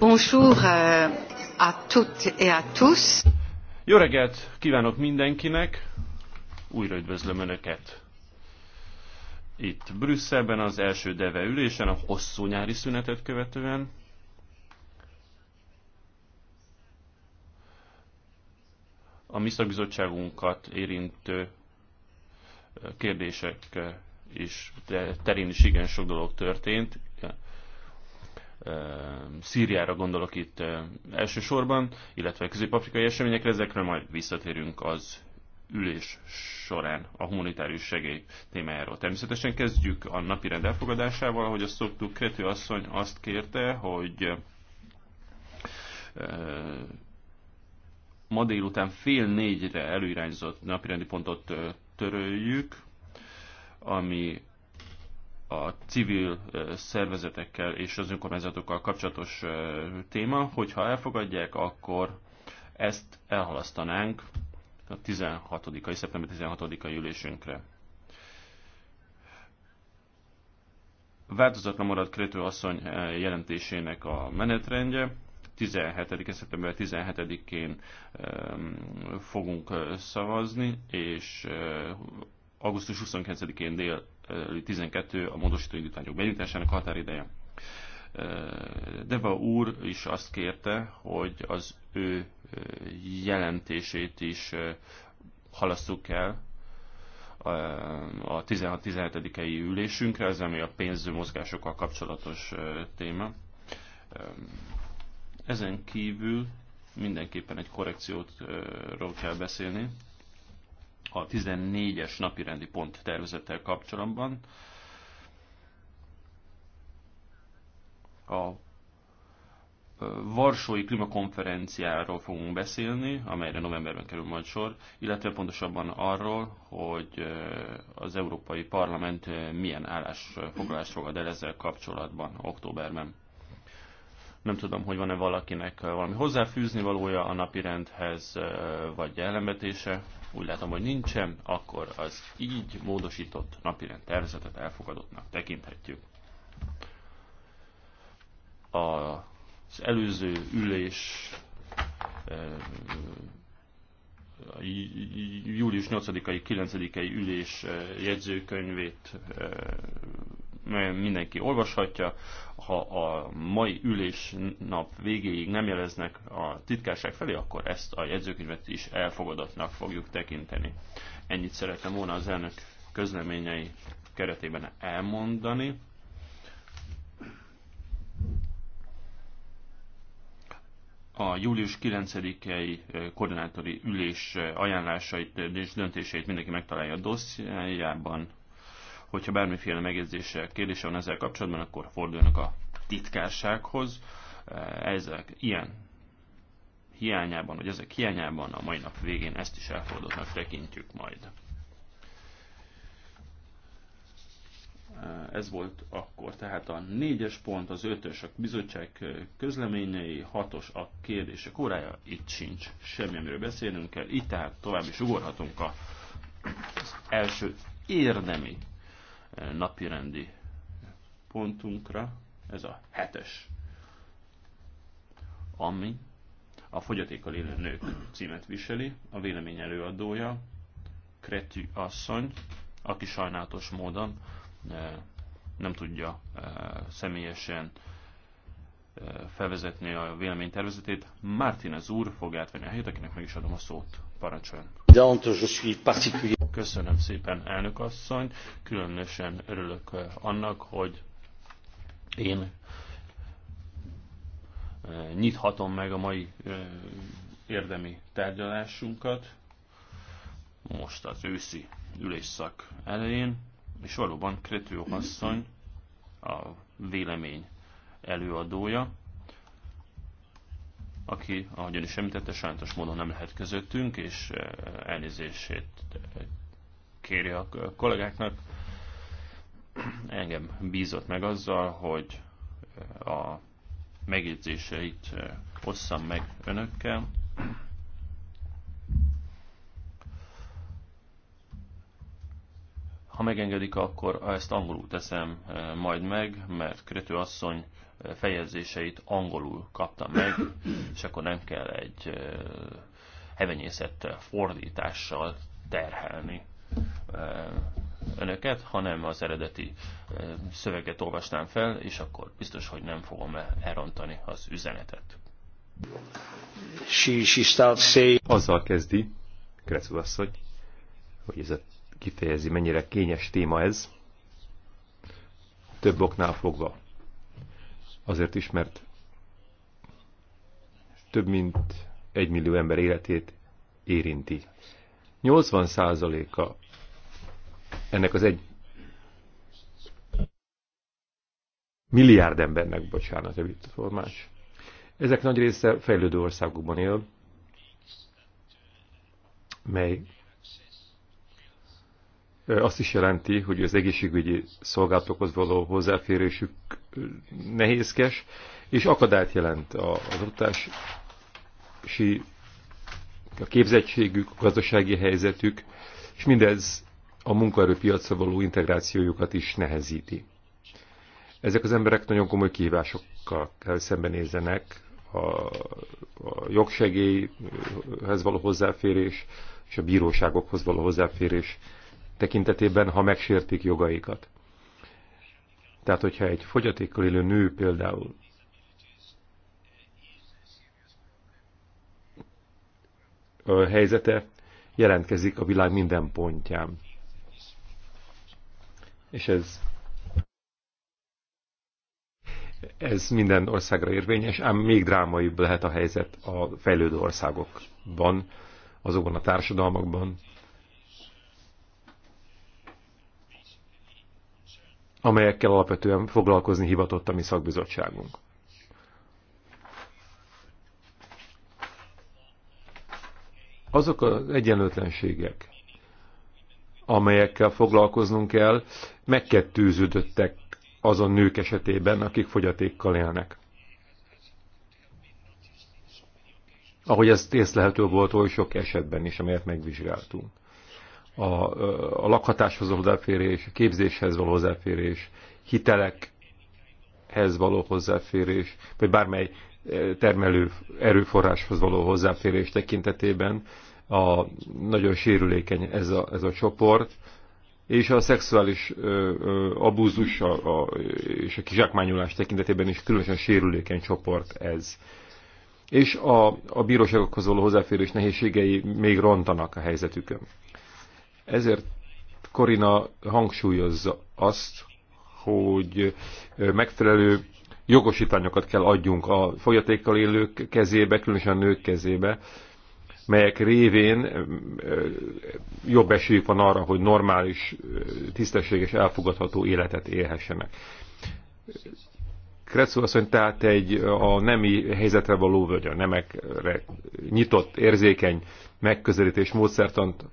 Bonjour euh, à toutes et à tous. Jó reggelt kívánok mindenkinek. Újra üdvözlöm Önöket. Itt Brüsszelben az első deve ülésen, a hosszú nyári szünetet követően. A mi szakbizottságunkat érintő kérdések és terén is igen sok dolog történt. Szíriára gondolok itt elsősorban, illetve a közép-afrikai eseményekre, ezekre majd visszatérünk az ülés során a humanitárius segély témájáról. Természetesen kezdjük a napi rend elfogadásával, ahogy azt szoktuk, Krető asszony azt kérte, hogy ma délután fél négyre előirányzott napirendi pontot töröljük, ami a civil szervezetekkel és az önkormányzatokkal kapcsolatos téma, hogyha elfogadják, akkor ezt elhalasztanánk a 16 -ai, szeptember 16-ai ülésünkre. Változatlan marad Krétő asszony jelentésének a menetrendje. 17. szeptember 17-én fogunk szavazni, és augusztus 29-én dél 12 a módosító indítványok benyújtásának határideje. Deva úr is azt kérte, hogy az ő jelentését is halasszuk el a 16-17-i ülésünkre, ez ami a pénzmozgásokkal kapcsolatos téma. Ezen kívül mindenképpen egy korrekciótról kell beszélni a 14-es napirendi pont tervezettel kapcsolatban. A Varsói klímakonferenciáról fogunk beszélni, amelyre novemberben kerül majd sor, illetve pontosabban arról, hogy az Európai Parlament milyen állásfoglalást fogad el ezzel kapcsolatban októberben. Nem tudom, hogy van-e valakinek uh, valami hozzáfűzni valója a napi rendhez, uh, vagy ellenvetése. Úgy látom, hogy nincsen, akkor az így módosított napirend tervezetet elfogadottnak tekinthetjük. Az előző ülés uh, július 8-ai, 9-ai ülés jegyzőkönyvét mindenki olvashatja. Ha a mai ülés nap végéig nem jeleznek a titkárság felé, akkor ezt a jegyzőkönyvet is elfogadatnak fogjuk tekinteni. Ennyit szeretem volna az elnök közleményei keretében elmondani. a július 9-i koordinátori ülés ajánlásait és döntéseit mindenki megtalálja a dossziájában. Hogyha bármiféle megjegyzése, kérdése van ezzel kapcsolatban, akkor forduljanak a titkársághoz. Ezek ilyen hiányában, vagy ezek hiányában a mai nap végén ezt is elfordottnak tekintjük majd. Ez volt akkor tehát a négyes pont, az ötös a bizottság közleményei, hatos a kérdések órája, itt sincs semmi, amiről beszélnünk kell, Itt tehát tovább is ugorhatunk a, az első érdemi napirendi pontunkra, ez a hetes, ami a fogyatékkal élő nők címet viseli, a vélemény előadója, Kretű asszony, aki sajnálatos módon e, nem tudja e, személyesen e, felvezetni a véleménytervezetét. Martinez úr fog átvenni a helyet, akinek meg is adom a szót. Parancsoljon. Köszönöm szépen, elnök asszony. Különösen örülök eh, annak, hogy én eh, nyithatom meg a mai eh, érdemi tárgyalásunkat most az őszi ülésszak elején, és valóban Krető asszony a vélemény előadója, aki, ahogy ön is említette, sajnos módon nem lehet közöttünk, és eh, elnézését eh, kéri a kollégáknak. Engem bízott meg azzal, hogy eh, a megjegyzéseit osszam meg önökkel. megengedik, akkor ezt angolul teszem eh, majd meg, mert Krető asszony eh, fejezéseit angolul kaptam meg, és akkor nem kell egy eh, hevenyészet fordítással terhelni önöket, hanem az eredeti szöveget olvasnám fel, és akkor biztos, hogy nem fogom elrontani az üzenetet. She, she starts Azzal kezdi, Kretszú asszony, hogy ez a kifejezi, mennyire kényes téma ez, több oknál fogva. Azért is, mert több mint egy millió ember életét érinti. 80%-a ennek az egy milliárd embernek, bocsánat, javít a formás. Ezek nagy része fejlődő országokban él, mely azt is jelenti, hogy az egészségügyi szolgáltatókhoz való hozzáférésük nehézkes, és akadályt jelent az oktatási, a képzettségük, a gazdasági helyzetük, és mindez a munkaerőpiacra való integrációjukat is nehezíti. Ezek az emberek nagyon komoly kihívásokkal kell szembenézzenek, a, a jogsegélyhez való hozzáférés és a bíróságokhoz való hozzáférés tekintetében, ha megsértik jogaikat. Tehát, hogyha egy fogyatékkal élő nő például a helyzete jelentkezik a világ minden pontján. És ez ez minden országra érvényes, ám még drámaibb lehet a helyzet a fejlődő országokban, azokban a társadalmakban, amelyekkel alapvetően foglalkozni hivatott a mi szakbizottságunk. Azok az egyenlőtlenségek, amelyekkel foglalkoznunk kell, megkettőződöttek azon nők esetében, akik fogyatékkal élnek. Ahogy ez észlelhető volt oly sok esetben is, amelyet megvizsgáltunk a, a lakhatáshoz való hozzáférés, a képzéshez való hozzáférés, hitelekhez való hozzáférés, vagy bármely termelő erőforráshoz való hozzáférés tekintetében a, nagyon sérülékeny ez a, ez a csoport, és a szexuális ö, ö, abúzus a, a, és a kizsákmányolás tekintetében is különösen sérülékeny csoport ez. És a, a bíróságokhoz való hozzáférés nehézségei még rontanak a helyzetükön. Ezért Korina hangsúlyozza azt, hogy megfelelő jogosítványokat kell adjunk a folyatékkal élők kezébe, különösen a nők kezébe, melyek révén jobb esélyük van arra, hogy normális, tisztességes, elfogadható életet élhessenek. Kretszó asszony tehát egy a nemi helyzetre való, vagy a nemekre nyitott, érzékeny megközelítés módszertant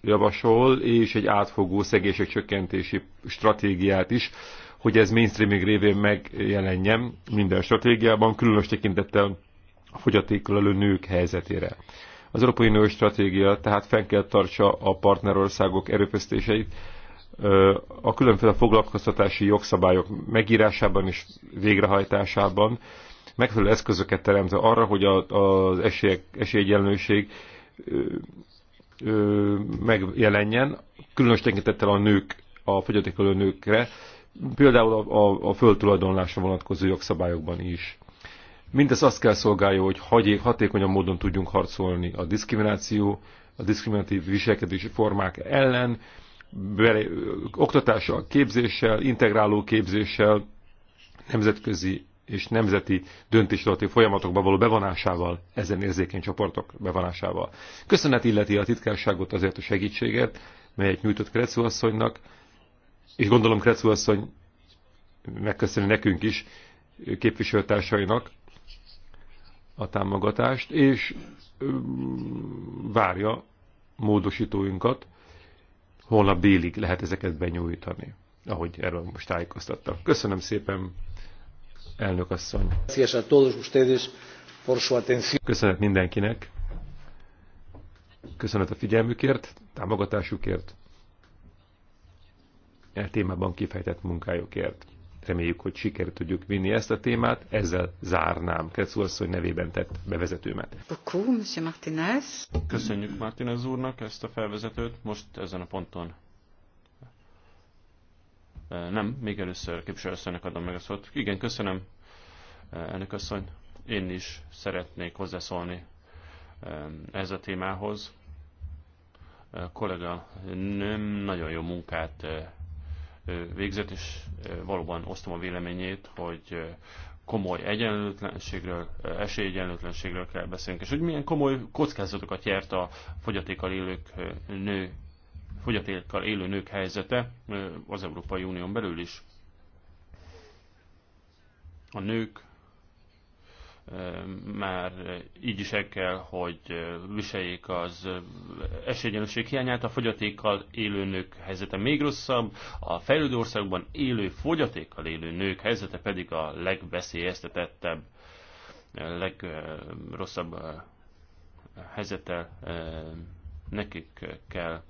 javasol, és egy átfogó szegések csökkentési stratégiát is, hogy ez mainstreaming révén megjelenjen minden stratégiában, különös tekintettel a fogyatékkal elő nők helyzetére. Az Európai Unió stratégia tehát fenn kell tartsa a partnerországok erőfeszítéseit, a különféle foglalkoztatási jogszabályok megírásában és végrehajtásában megfelelő eszközöket teremtve arra, hogy az esélyegyenlőség ö, megjelenjen, különös tekintettel a nők, a fogyatékoló nőkre, például a, a, a földtulajdonlásra vonatkozó jogszabályokban is. Mindez azt kell szolgálja, hogy hagyék, hatékonyan módon tudjunk harcolni a diszkrimináció, a diszkriminatív viselkedési formák ellen, bele, oktatással, képzéssel, integráló képzéssel, nemzetközi és nemzeti döntésalatti folyamatokba való bevonásával, ezen érzékeny csoportok bevonásával. Köszönet illeti a titkárságot azért a segítséget, melyet nyújtott Krecu asszonynak, és gondolom Krecu asszony megköszöni nekünk is, képviselőtársainak a támogatást, és várja módosítóinkat, holnap délig lehet ezeket benyújtani, ahogy erről most tájékoztattam. Köszönöm szépen! Elnök asszony. Köszönet mindenkinek. Köszönet a figyelmükért, támogatásukért, a e témában kifejtett munkájukért. Reméljük, hogy sikerül tudjuk vinni ezt a témát, ezzel zárnám Kretsz úrszony nevében tett bevezetőmet. Köszönjük Martinez úrnak ezt a felvezetőt, most ezen a ponton nem, még először képviselőasszonynak adom meg a szót. Igen, köszönöm, elnök asszony. Én is szeretnék hozzászólni ez a témához. A kollega nem nagyon jó munkát végzett, és valóban osztom a véleményét, hogy komoly egyenlőtlenségről, esélyegyenlőtlenségről kell beszélnünk, és hogy milyen komoly kockázatokat járt a fogyatékkal élők nő fogyatékkal élő nők helyzete az Európai Unión belül is. A nők már így is el kell, hogy viseljék az esélyegyenlőség hiányát, a fogyatékkal élő nők helyzete még rosszabb, a fejlődő országban élő fogyatékkal élő nők helyzete pedig a legveszélyeztetettebb, legrosszabb helyzettel nekik kell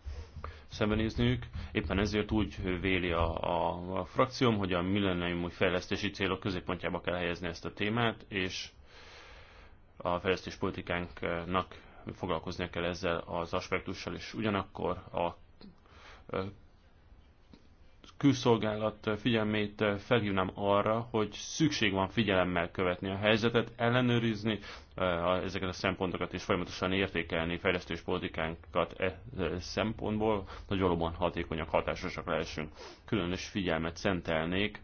szembenézniük. Éppen ezért úgy véli a, a, a frakcióm, hogy a millennium fejlesztési célok középpontjába kell helyezni ezt a témát, és a fejlesztés politikánknak foglalkoznia kell ezzel az aspektussal, és ugyanakkor a külszolgálat figyelmét felhívnám arra, hogy szükség van figyelemmel követni a helyzetet, ellenőrizni eh, ezeket a szempontokat és folyamatosan értékelni fejlesztéspolitikánkat e eh, szempontból, hogy valóban hatékonyak, hatásosak lehessünk. Különös figyelmet szentelnék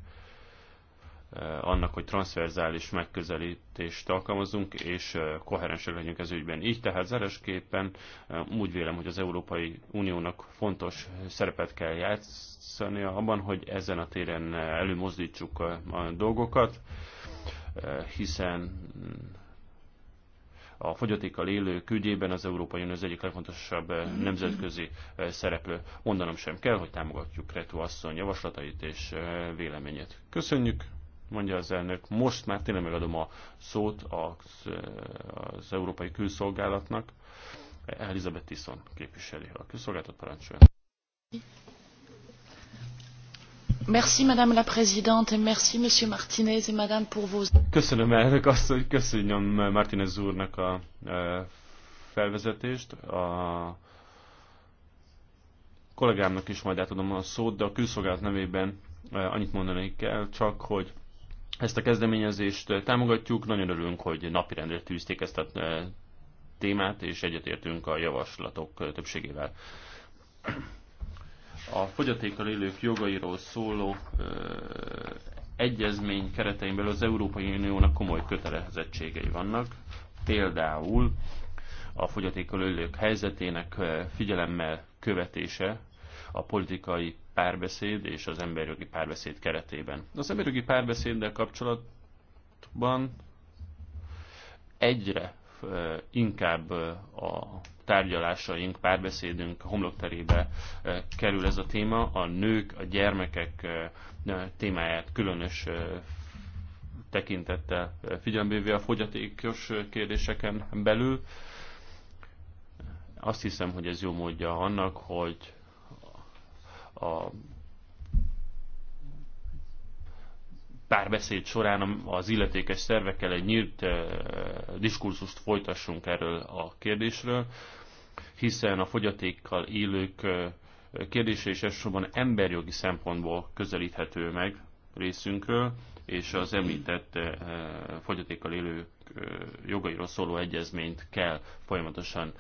Eh, annak, hogy transzverzális megközelítést alkalmazunk, és eh, koherensek legyünk ez ügyben. Így tehát zárásképpen eh, úgy vélem, hogy az Európai Uniónak fontos szerepet kell játszani abban, hogy ezen a téren előmozdítsuk a dolgokat, hiszen mm, a fogyatékkal élők ügyében az Európai Unió az egyik legfontosabb nemzetközi szereplő. Mondanom sem kell, hogy támogatjuk Retu asszony javaslatait és véleményét. Köszönjük! mondja az elnök. Most már tényleg megadom a szót az, az Európai Külszolgálatnak. Elizabeth Tisson képviseli a külszolgálatot parancsolja. Merci Madame la Présidente et merci Monsieur Martinez et Madame pour vos... Köszönöm elnök azt, hogy köszönjön Martinez úrnak a e, felvezetést. A kollégámnak is majd átadom a szót, de a külszolgálat nevében e, annyit mondani kell, csak hogy ezt a kezdeményezést eh, támogatjuk, nagyon örülünk, hogy napirendre tűzték ezt a eh, témát, és egyetértünk a javaslatok eh, többségével. A fogyatékkal élők jogairól szóló egyezmény keretein belül az Európai Uniónak komoly kötelezettségei vannak, például a fogyatékkal élők helyzetének figyelemmel követése a politikai párbeszéd és az emberjogi párbeszéd keretében. Az emberjogi párbeszéddel kapcsolatban egyre inkább a tárgyalásaink, párbeszédünk homlokterébe kerül ez a téma. A nők, a gyermekek témáját különös tekintettel figyelmévé a fogyatékos kérdéseken belül. Azt hiszem, hogy ez jó módja annak, hogy a párbeszéd során az illetékes szervekkel egy nyílt eh, diskurzust folytassunk erről a kérdésről, hiszen a fogyatékkal élők eh, kérdése is elsősorban emberjogi szempontból közelíthető meg részünkről, és az említett eh, fogyatékkal élő jogairól szóló egyezményt kell folyamatosan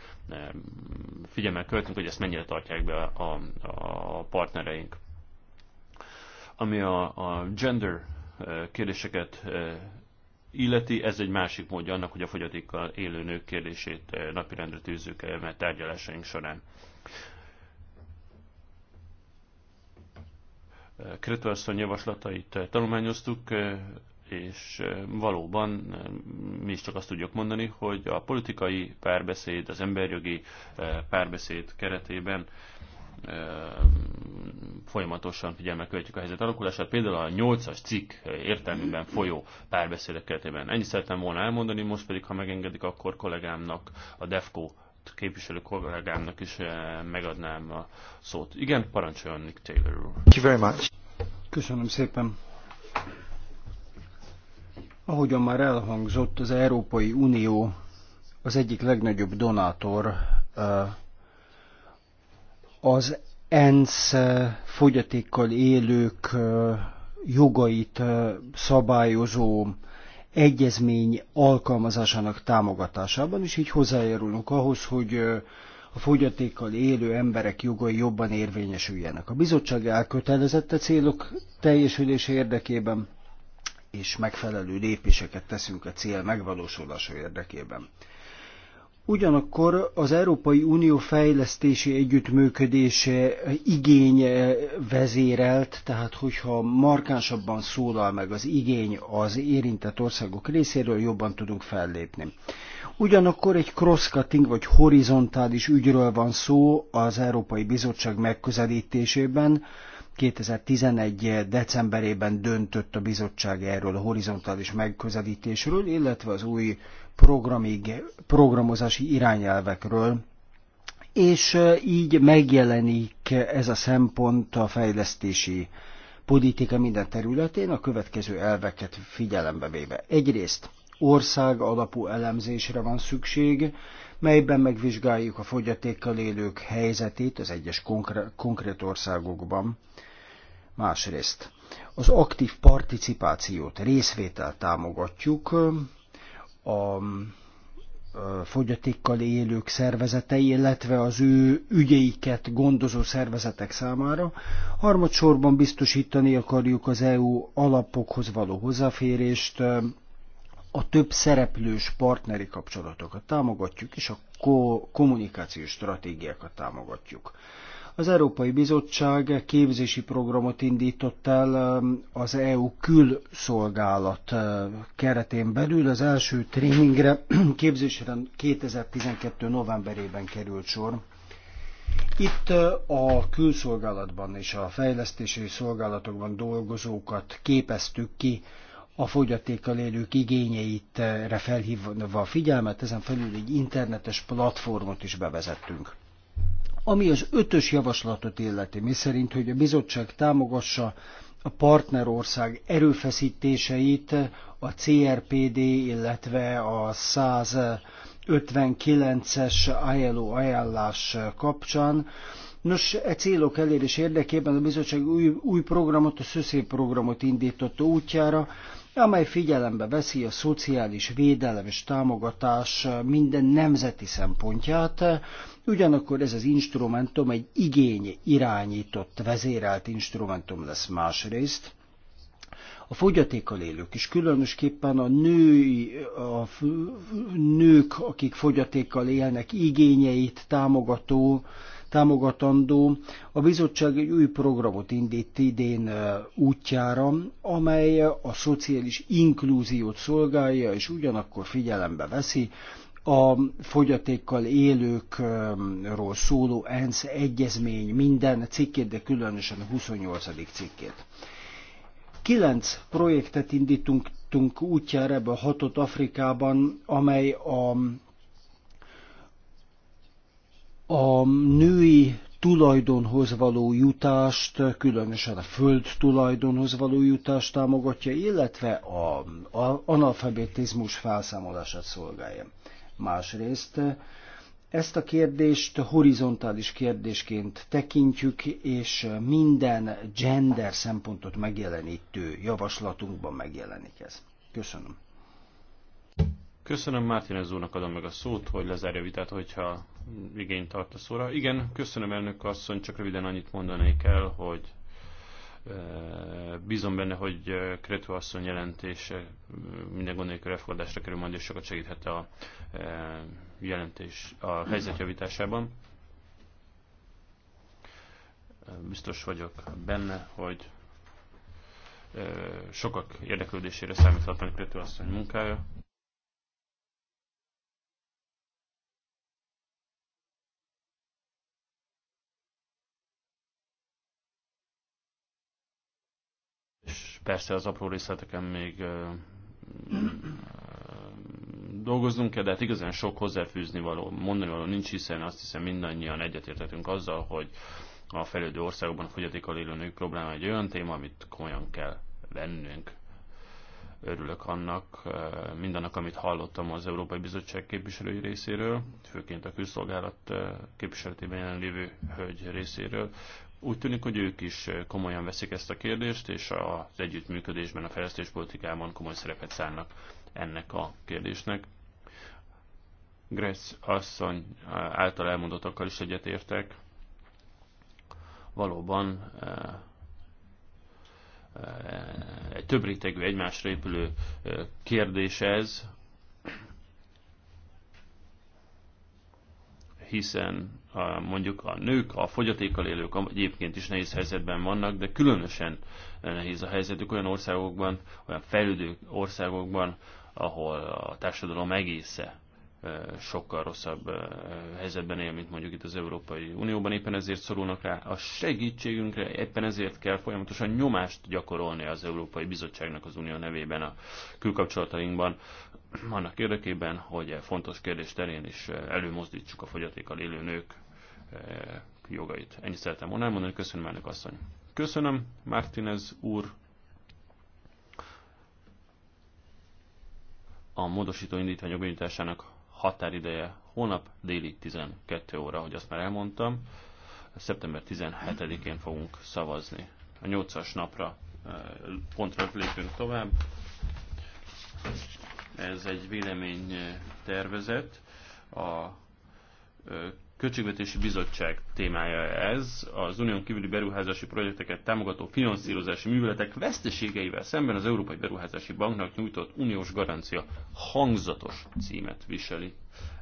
figyelmel követnünk, hogy ezt mennyire tartják be a, a partnereink. Ami a, a gender kérdéseket illeti, ez egy másik módja annak, hogy a fogyatékkal élő nők kérdését napirendre tűzzük mert tárgyalásaink során. Kretőasszony javaslatait tanulmányoztuk, és valóban mi is csak azt tudjuk mondani, hogy a politikai párbeszéd, az emberjogi párbeszéd keretében folyamatosan figyelme követjük a helyzet alakulását. Például a 8-as cikk értelmében folyó párbeszédek keretében. Ennyi szerettem volna elmondani, most pedig, ha megengedik, akkor kollégámnak, a DEFCO képviselő kollégámnak is megadnám a szót. Igen, parancsoljon Nick Taylor úr. Köszönöm szépen. Ahogyan már elhangzott, az Európai Unió az egyik legnagyobb donátor az ENSZ fogyatékkal élők jogait szabályozó egyezmény alkalmazásának támogatásában, és így hozzájárulunk ahhoz, hogy a fogyatékkal élő emberek jogai jobban érvényesüljenek. A bizottság elkötelezett a célok teljesülése érdekében, és megfelelő lépéseket teszünk a cél megvalósulása érdekében. Ugyanakkor az Európai Unió fejlesztési együttműködése igény eh, vezérelt, tehát hogyha markánsabban szólal meg az igény az érintett országok részéről, jobban tudunk fellépni. Ugyanakkor egy cross-cutting vagy horizontális ügyről van szó az Európai Bizottság megközelítésében, 2011. decemberében döntött a bizottság erről a horizontális megközelítésről, illetve az új programig, programozási irányelvekről, és így megjelenik ez a szempont a fejlesztési politika minden területén a következő elveket figyelembe véve. Egyrészt ország alapú elemzésre van szükség, melyben megvizsgáljuk a fogyatékkal élők helyzetét az egyes konkrét országokban Másrészt az aktív participációt, részvételt támogatjuk a fogyatékkal élők szervezetei, illetve az ő ügyeiket gondozó szervezetek számára. Harmadsorban biztosítani akarjuk az EU alapokhoz való hozzáférést, a több szereplős partneri kapcsolatokat támogatjuk, és a ko- kommunikációs stratégiákat támogatjuk. Az Európai Bizottság képzési programot indított el um, az EU külszolgálat uh, keretén belül. Az első tréningre képzésre 2012. novemberében került sor. Itt uh, a külszolgálatban és a fejlesztési szolgálatokban dolgozókat képeztük ki a fogyatékkal élők igényeitre felhívva a figyelmet, ezen felül egy internetes platformot is bevezettünk. Ami az ötös javaslatot illeti, mi szerint, hogy a bizottság támogassa a partnerország erőfeszítéseit a CRPD, illetve a 159-es ILO ajánlás kapcsán. Nos, e célok elérés érdekében a bizottság új, új programot, a SZÖSZÉ programot indította útjára, amely figyelembe veszi a szociális védelem és támogatás minden nemzeti szempontját, ugyanakkor ez az instrumentum egy igény irányított, vezérelt instrumentum lesz másrészt, a fogyatékkal élők is, különösképpen a, női, a nők, akik fogyatékkal élnek, igényeit támogató támogatandó. A bizottság egy új programot indít idén útjára, amely a szociális inklúziót szolgálja, és ugyanakkor figyelembe veszi a fogyatékkal élőkről szóló ENSZ egyezmény minden cikkét, de különösen a 28. cikkét. Kilenc projektet indítunk útjára ebbe a hatott Afrikában, amely a a női tulajdonhoz való jutást, különösen a föld tulajdonhoz való jutást támogatja, illetve a, a analfabetizmus felszámolását szolgálja. Másrészt ezt a kérdést horizontális kérdésként tekintjük, és minden gender szempontot megjelenítő javaslatunkban megjelenik ez. Köszönöm. Köszönöm Mártinez úrnak adom meg a szót, hogy lezárja vitát, hogyha igény tart a szóra. Igen, köszönöm elnök asszony, csak röviden annyit mondanék el, hogy e, bízom benne, hogy e, Kretu asszony jelentése e, minden gond nélkül elfogadásra kerül, majd és sokat segíthet a jelentés a helyzetjavításában. Biztos vagyok benne, hogy sokak érdeklődésére számíthatnak Kretu asszony munkája. Persze az apró részleteken még dolgoznunk kell, de hát igazán sok hozzáfűzni való, mondani való nincs, hiszen azt hiszem mindannyian egyetértetünk azzal, hogy a fejlődő országokban a fogyatékkal élő nők probléma egy olyan téma, amit komolyan kell vennünk. Örülök annak, mindannak, amit hallottam az Európai Bizottság képviselői részéről, főként a külszolgálat képviseletében jelenlévő hölgy részéről, úgy tűnik, hogy ők is komolyan veszik ezt a kérdést, és az együttműködésben, a fejlesztéspolitikában komoly szerepet szállnak ennek a kérdésnek. Gressz asszony által elmondottakkal is egyetértek. Valóban eh, eh, egy több rétegű, egymásra épülő eh, kérdés ez, hiszen mondjuk a nők, a fogyatékkal élők egyébként is nehéz helyzetben vannak, de különösen eh, nehéz a helyzetük olyan országokban, olyan fejlődő országokban, ahol a társadalom egésze eh, sokkal rosszabb eh, helyzetben él, mint mondjuk itt az Európai Unióban. Éppen ezért szorulnak rá a segítségünkre, éppen ezért kell folyamatosan nyomást gyakorolni az Európai Bizottságnak az Unió nevében a külkapcsolatainkban, annak érdekében, hogy e fontos kérdés terén is előmozdítsuk a fogyatékkal élő nők Eh, jogait. Ennyit szeretem volna elmondani, köszönöm elnök asszony. Köszönöm, Martinez úr. A módosító indítvány benyújtásának határideje holnap déli 12 óra, hogy azt már elmondtam. Szeptember 17-én fogunk szavazni. A 8-as napra eh, pontra lépünk tovább. Ez egy vélemény tervezet a eh, Költségvetési Bizottság témája ez, az unión kívüli beruházási projekteket támogató finanszírozási műveletek veszteségeivel szemben az Európai Beruházási Banknak nyújtott uniós garancia hangzatos címet viseli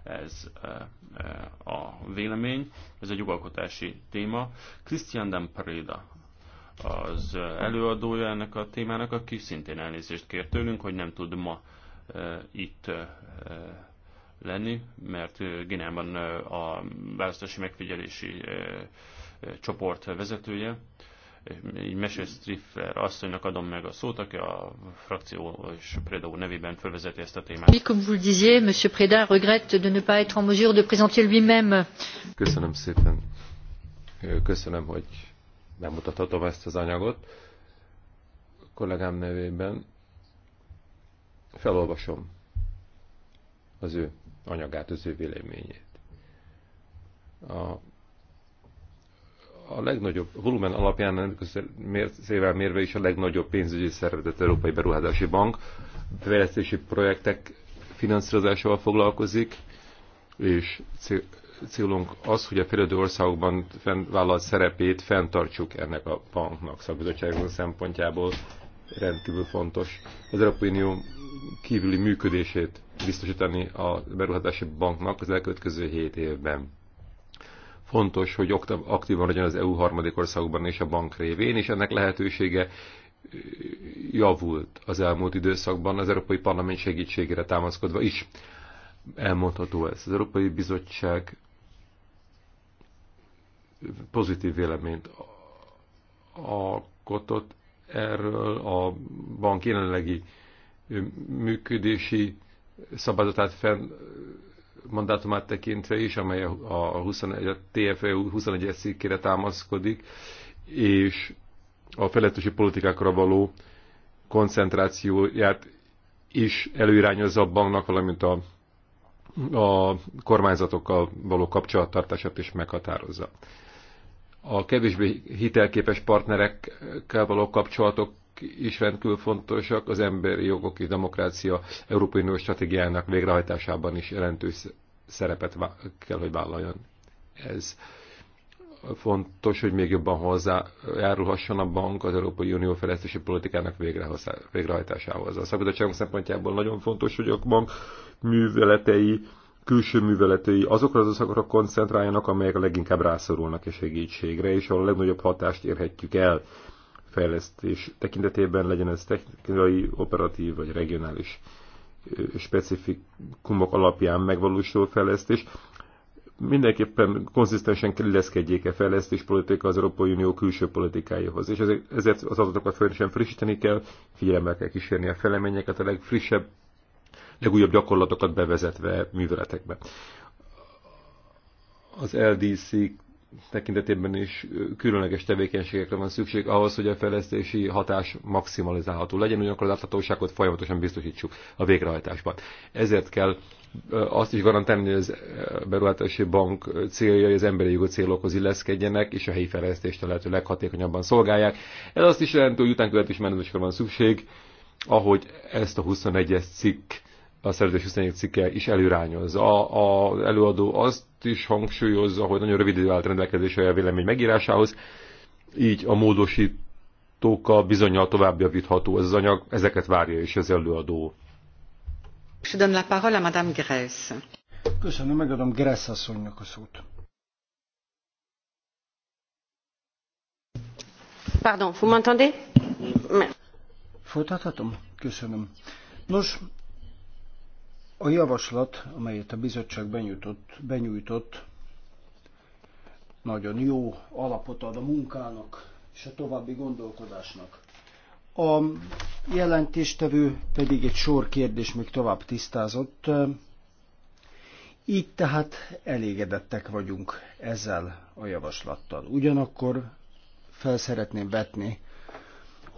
ez e, e, a vélemény. Ez egy jogalkotási téma. Christian Dampreda az előadója ennek a témának, aki szintén elnézést kért tőlünk, hogy nem tud ma e, itt lenni, mert Gínában a választási megfigyelési csoport vezetője. Így Meses Striffer asszonynak adom meg a szót, aki a frakció és Preda úr nevében felvezeti ezt a témát. Comme vous le disiez, Monsieur Preda regrette de ne pas être en mesure de présenter lui-même. Köszönöm szépen. Köszönöm, hogy bemutathatom ezt az anyagot. A kollégám nevében felolvasom az ő anyagát, az ő véleményét. A, a legnagyobb volumen alapján, szével mérve is a legnagyobb pénzügyi szervezet Európai Beruházási Bank fejlesztési projektek finanszírozásával foglalkozik, és célunk az, hogy a fejlődő országokban vállalt szerepét fenntartsuk ennek a banknak szakbizottságunk szempontjából rendkívül fontos. Az Európai Unió kívüli működését biztosítani a beruházási banknak az elkövetkező 7 évben. Fontos, hogy aktívan legyen az EU harmadik országokban és a bank révén, és ennek lehetősége javult az elmúlt időszakban az Európai Parlament segítségére támaszkodva is. Elmondható ez. Az Európai Bizottság pozitív véleményt alkotott erről a bank jelenlegi működési szabadatát fenn mandátumát tekintve is, amely a, 21, a TFE 21 cikkére támaszkodik, és a felettesi politikákra való koncentrációját is előirányozza a banknak, valamint a, a kormányzatokkal való kapcsolattartását is meghatározza. A kevésbé hitelképes partnerekkel való kapcsolatok is rendkívül fontosak, az emberi jogok és demokrácia Európai Unió stratégiának végrehajtásában is jelentős szerepet kell, hogy vállaljon. Ez fontos, hogy még jobban hozzájárulhasson a bank az Európai Unió fejlesztési politikának végrehajtásához. A szabadságunk szempontjából nagyon fontos, hogy a bank műveletei, külső műveletei azokra az országokra koncentráljanak, amelyek a leginkább rászorulnak a segítségre, és ahol a legnagyobb hatást érhetjük el fejlesztés tekintetében legyen ez technikai, operatív vagy regionális specifikumok alapján megvalósuló fejlesztés. Mindenképpen konzisztensen illeszkedjék a fejlesztés politika az Európai Unió külső politikájához, és ezért az adatokat folyamatosan frissíteni kell, figyelemmel kell kísérni a feleményeket, a legfrissebb, legújabb gyakorlatokat bevezetve műveletekbe. Az LDC tekintetében is különleges tevékenységekre van szükség ahhoz, hogy a fejlesztési hatás maximalizálható legyen, ugyanakkor a láthatóságot folyamatosan biztosítsuk a végrehajtásban. Ezért kell azt is garantálni, hogy az beruházási bank céljai az emberi jogi célokhoz illeszkedjenek, és a helyi fejlesztést a lehető leghatékonyabban szolgálják. Ez azt is jelenti, hogy utánkövetés menedzsre van szükség, ahogy ezt a 21-es cikk a szerződés 21 cikke is előrányozza. A előadó azt is hangsúlyozza, hogy nagyon rövid idő állt rendelkezésre a vélemény megírásához, így a módosítókkal bizonyal tovább javítható ez az anyag, ezeket várja is az előadó. Köszönöm, megadom Gressz asszonynak a szót. Pardon, vous m'entendez? Folytathatom? Köszönöm. Nos, a javaslat, amelyet a bizottság benyújtott, benyújtott nagyon jó alapot ad a munkának és a további gondolkodásnak. A jelentéstevő pedig egy sor kérdés még tovább tisztázott. Így tehát elégedettek vagyunk ezzel a javaslattal. Ugyanakkor fel szeretném vetni,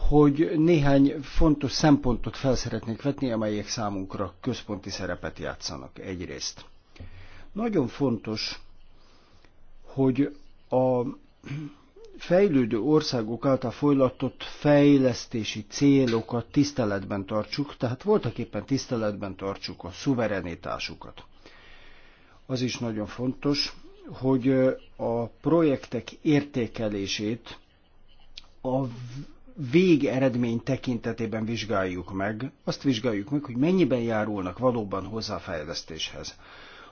hogy néhány fontos szempontot fel szeretnék vetni, amelyek számunkra központi szerepet játszanak egyrészt. Nagyon fontos, hogy a fejlődő országok által folytatott fejlesztési célokat tiszteletben tartsuk, tehát voltak éppen tiszteletben tartsuk a szuverenitásukat. Az is nagyon fontos, hogy a projektek értékelését a végeredmény tekintetében vizsgáljuk meg, azt vizsgáljuk meg, hogy mennyiben járulnak valóban hozzá a fejlesztéshez.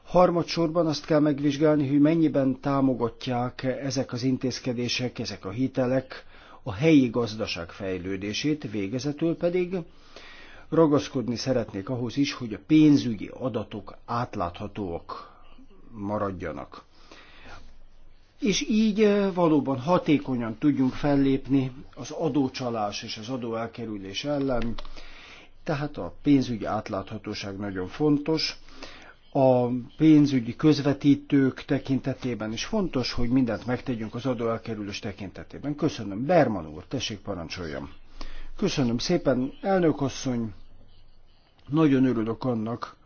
Harmadsorban azt kell megvizsgálni, hogy mennyiben támogatják ezek az intézkedések, ezek a hitelek a helyi gazdaság fejlődését, végezetül pedig ragaszkodni szeretnék ahhoz is, hogy a pénzügyi adatok átláthatóak maradjanak és így valóban hatékonyan tudjunk fellépni az adócsalás és az adóelkerülés ellen, tehát a pénzügyi átláthatóság nagyon fontos. A pénzügyi közvetítők tekintetében is fontos, hogy mindent megtegyünk az adóelkerülés tekintetében. Köszönöm. Berman úr, tessék parancsoljam. Köszönöm szépen, elnök asszony. Nagyon örülök annak,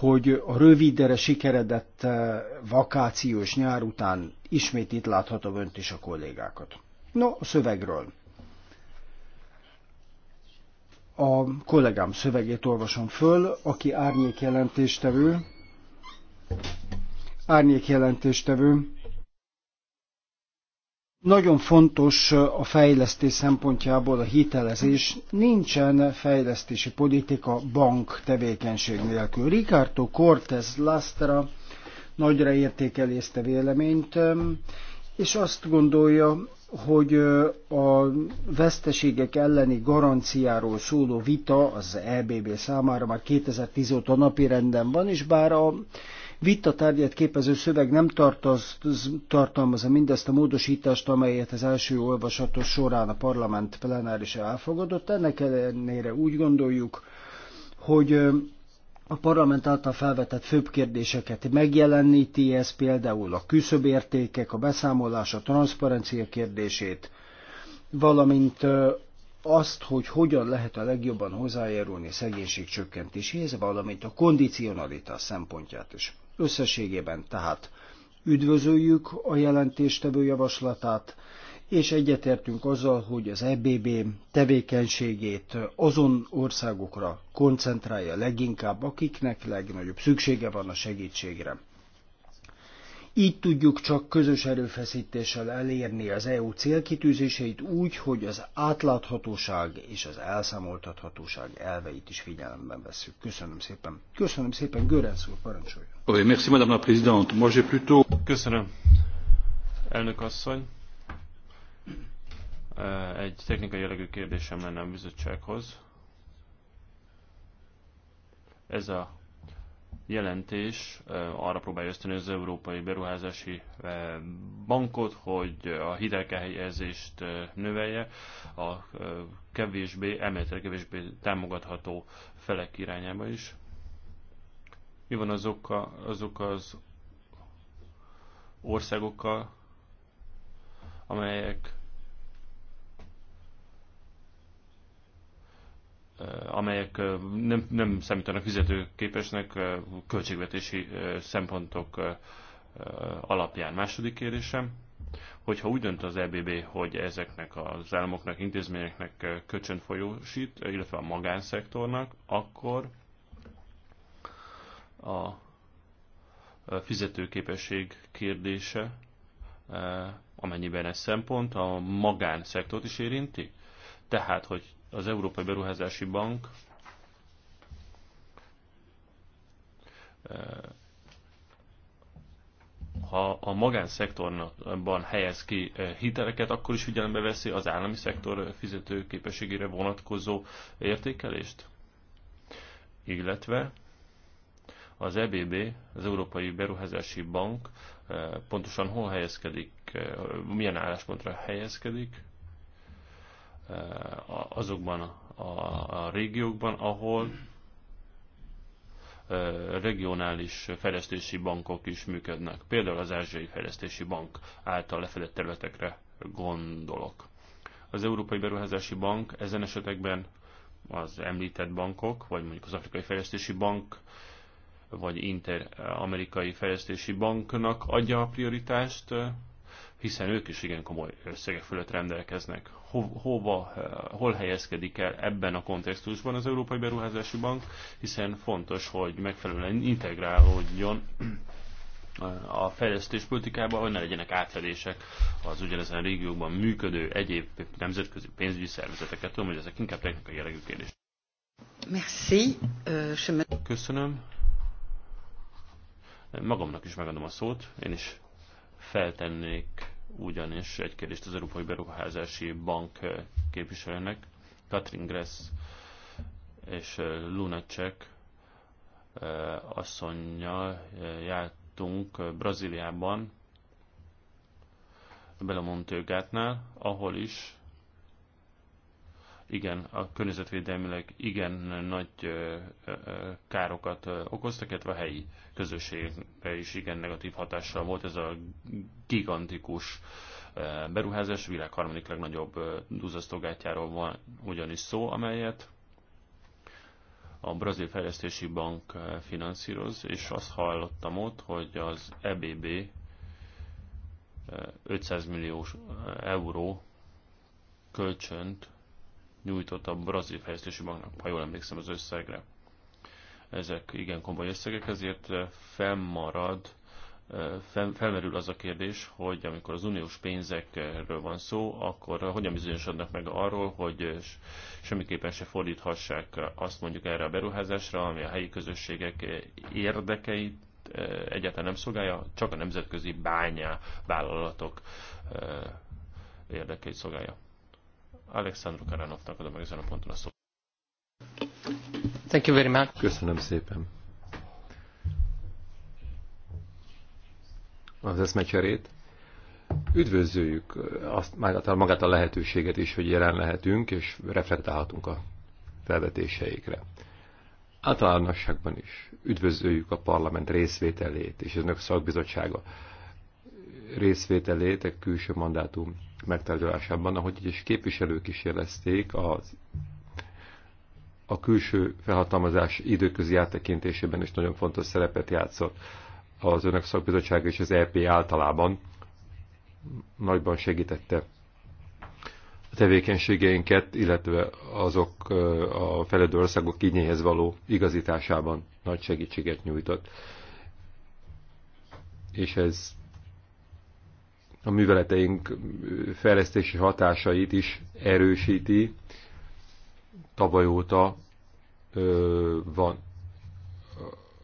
hogy a rövidre sikeredett eh, vakációs nyár után ismét itt láthatom önt és a kollégákat. No, a szövegről. A kollégám szövegét olvasom föl, aki árnyék jelentéstevő. Árnyék jelentéstevő nagyon fontos uh, a fejlesztés szempontjából a hitelezés. Nincsen fejlesztési politika bank tevékenység nélkül. Ricardo Cortez Lastra nagyra értékeli ezt a véleményt, um, és azt gondolja, hogy uh, a veszteségek elleni garanciáról szóló vita az EBB számára már 2010 óta napirenden van, és bár a Vita tárgyát képező szöveg nem tartoz, tartalmazza mindezt a módosítást, amelyet az első olvasatos során a parlament plenáris elfogadott. Ennek ellenére úgy gondoljuk, hogy a parlament által felvetett főbb kérdéseket megjeleníti ez például a küszöbértékek, a beszámolás, a transzparencia kérdését, valamint azt, hogy hogyan lehet a legjobban hozzájárulni szegénység csökkentéséhez, valamint a kondicionalitás szempontját is. Összességében tehát üdvözöljük a jelentéstevő javaslatát, és egyetértünk azzal, hogy az EBB tevékenységét azon országokra koncentrálja leginkább, akiknek legnagyobb szüksége van a segítségre. Így tudjuk csak közös erőfeszítéssel elérni az EU célkitűzéseit úgy, hogy az átláthatóság és az elszámoltathatóság elveit is figyelemben veszük. Köszönöm szépen. Köszönöm szépen, Görenc úr, parancsoljon. Köszönöm, elnök asszony. Egy technikai jellegű kérdésem lenne a bizottsághoz. Ez a jelentés arra próbálja ösztönözni az Európai Beruházási Bankot, hogy a hitelkehelyezést növelje a kevésbé, elméletileg kevésbé támogatható felek irányába is. Mi van azok, a, azok az országokkal, amelyek amelyek nem, nem számítanak fizetőképesnek költségvetési szempontok alapján. Második kérdésem, hogyha úgy dönt az EBB, hogy ezeknek az államoknak, intézményeknek kölcsön folyósít, illetve a magánszektornak, akkor a fizetőképesség kérdése, e, amennyiben ez szempont, a magánszektort is érinti. Tehát, hogy az Európai Beruházási Bank e, ha a magánszektorban helyez ki e, hiteleket, akkor is figyelembe veszi az állami szektor fizetőképességére vonatkozó értékelést? Illetve az EBB, az Európai Beruházási Bank eh, pontosan hol helyezkedik, eh, milyen álláspontra helyezkedik eh, azokban a régiókban, ahol regionális fejlesztési bankok is működnek. Például az Ázsiai Fejlesztési Bank által lefedett területekre gondolok. Az Európai Beruházási Bank ezen esetekben az említett bankok, vagy mondjuk az Afrikai Fejlesztési Bank vagy Inter-Amerikai Fejlesztési Banknak adja a prioritást, hiszen ők is igen komoly összegek fölött rendelkeznek. Ho, hova, hol helyezkedik el ebben a kontextusban az Európai Beruházási Bank, hiszen fontos, hogy megfelelően integrálódjon a fejlesztéspolitikába, hogy ne legyenek átfedések az ugyanezen régiókban működő egyéb nemzetközi pénzügyi szervezeteket. Tudom, hogy ezek inkább technikai jellegű kérdés. Merci. Euh, Köszönöm. Magamnak is megadom a szót, én is feltennék ugyanis egy kérdést az Európai Beruházási Bank eh, képviselőnek. Katrin Gress és eh, Lunacek eh, asszonynal jártunk Brazíliában, Belomontőgátnál, ahol is igen, a környezetvédelmileg igen nagy károkat okoztak, illetve a helyi közösségre is igen negatív hatással volt ez a gigantikus beruházás, világ harmadik legnagyobb duzasztogátjáról van ugyanis szó, amelyet a Brazil Fejlesztési Bank finanszíroz, és azt hallottam ott, hogy az EBB 500 millió euró kölcsönt nyújtott a Brazil Fejlesztési Banknak, ha jól emlékszem az összegre. Ezek igen komoly összegek, ezért eh, fennmarad, eh, felmerül az a kérdés, hogy amikor az uniós pénzekről van szó, akkor hogyan bizonyosodnak meg arról, hogy eh, semmiképpen se fordíthassák azt mondjuk erre a beruházásra, ami a helyi közösségek érdekeit egyáltalán nem szolgálja, csak a nemzetközi bányá vállalatok érdekeit szolgálja. Alexandru Karanovnak adom meg ezen a ponton a szót. Thank you very much. Köszönöm szépen. Az eszmecserét. Üdvözöljük azt, magát a lehetőséget is, hogy jelen lehetünk, és reflektálhatunk a felvetéseikre. Általánosságban is üdvözöljük a parlament részvételét és az önök szakbizottsága részvételét a külső mandátum megtárgyalásában, ahogy egyes képviselők is jelezték, az, a külső felhatalmazás időközi áttekintésében is nagyon fontos szerepet játszott az Önök Szakbizottsága és az EP általában nagyban segítette a tevékenységeinket, illetve azok a feledő országok igényéhez való igazításában nagy segítséget nyújtott. És ez a műveleteink fejlesztési hatásait is erősíti. Tavaly óta ö, van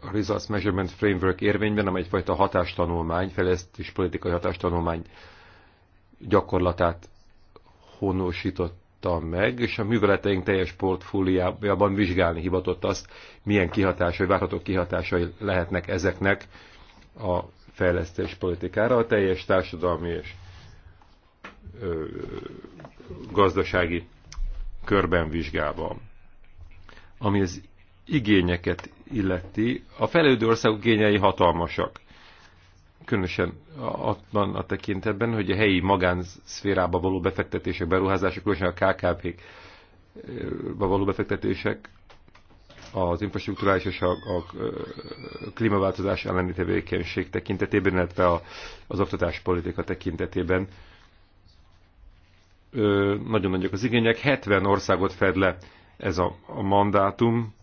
a Results Measurement Framework érvényben, amely egyfajta hatástanulmány, fejlesztés politikai hatástanulmány gyakorlatát honosította meg, és a műveleteink teljes portfóliában vizsgálni hivatott azt, milyen kihatásai, várható kihatásai lehetnek ezeknek a fejlesztés politikára, a teljes társadalmi és ö, gazdasági körben vizsgálva. Ami az igényeket illeti, a fejlődő országok igényei hatalmasak. Különösen abban a tekintetben, hogy a helyi magánszférába való befektetések, beruházások, különösen a kkp kba való befektetések az infrastruktúrális és a, a, klímaváltozás elleni tevékenység tekintetében, illetve a, az oktatáspolitika tekintetében. Ö, nagyon nagyok az igények, 70 országot fed le ez a, a mandátum,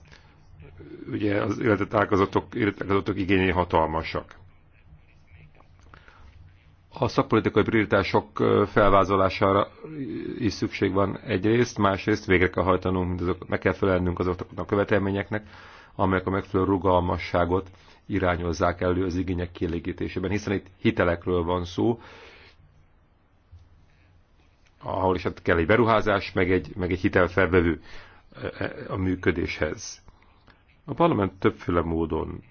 ugye az életet ágazatok, életet ágazatok igényei hatalmasak a szakpolitikai prioritások felvázolására is szükség van egyrészt, másrészt végre kell hajtanunk, mindazok, meg kell felelnünk azoknak a követelményeknek, amelyek a megfelelő rugalmasságot irányozzák elő az igények kielégítésében, hiszen itt hitelekről van szó, ahol is kell egy beruházás, meg egy, meg egy hitelfelvevő a működéshez. A parlament többféle módon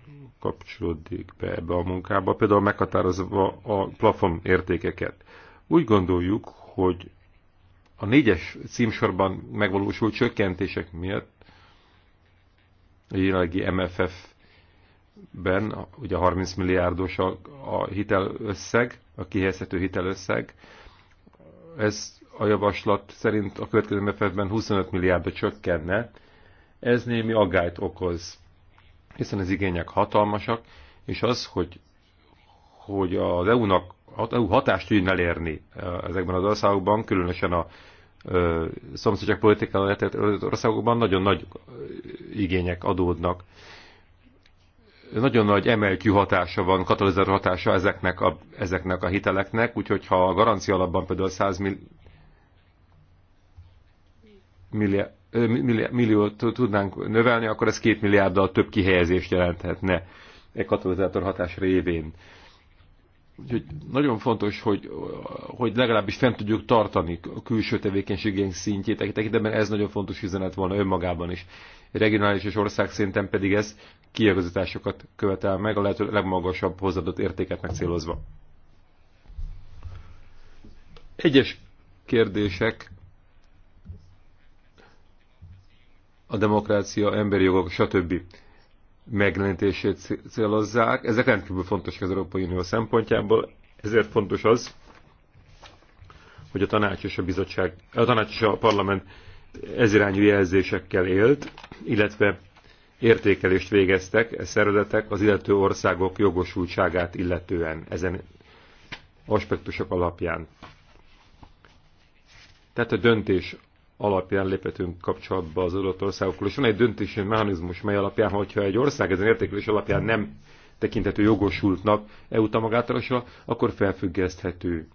kapcsolódik be ebbe a munkába, például meghatározva a plafon értékeket. Úgy gondoljuk, hogy a négyes címsorban megvalósult csökkentések miatt a jelenlegi MFF-ben, ugye 30 milliárdos a, a hitelösszeg, a kihelyezhető hitelösszeg, ez a javaslat szerint a következő MFF-ben 25 milliárdot csökkenne, ez némi aggályt okoz hiszen az igények hatalmasak, és az, hogy, hogy az EU-nak EU hatást tudjon elérni e, ezekben az országokban, különösen a e, szomszédság politikában letett országokban nagyon nagy e, igények adódnak. Nagyon nagy emelkű hatása van, katalizátor hatása ezeknek a, ezeknek a hiteleknek, úgyhogy ha a garancia alapban például 100 milliárd milliót tudnánk növelni, akkor ez két milliárddal több kihelyezést jelenthetne egy katalizátor hatás révén. Úgyhogy nagyon fontos, hogy, hogy legalábbis fent tudjuk tartani a külső tevékenységénk szintjét, e tekintetben ez nagyon fontos üzenet volna önmagában is. Regionális és ország szinten pedig ez kiegazításokat követel meg, a lehető legmagasabb hozzáadott értéket megcélozva. Egyes kérdések a demokrácia, emberi jogok, stb. megjelenítését célozzák. Ezek rendkívül fontosak az Európai Unió szempontjából, ezért fontos az, hogy a tanács és a bizottság, a tanács és a parlament ezirányú jelzésekkel élt, illetve értékelést végeztek e szervezetek az illető országok jogosultságát illetően ezen aspektusok alapján. Tehát a döntés alapján léphetünk kapcsolatba az adott országokkal. És van egy döntési mechanizmus, mely alapján, hogyha egy ország ezen értékelés alapján nem tekintető jogosultnak EU támogatásra, akkor felfüggeszthető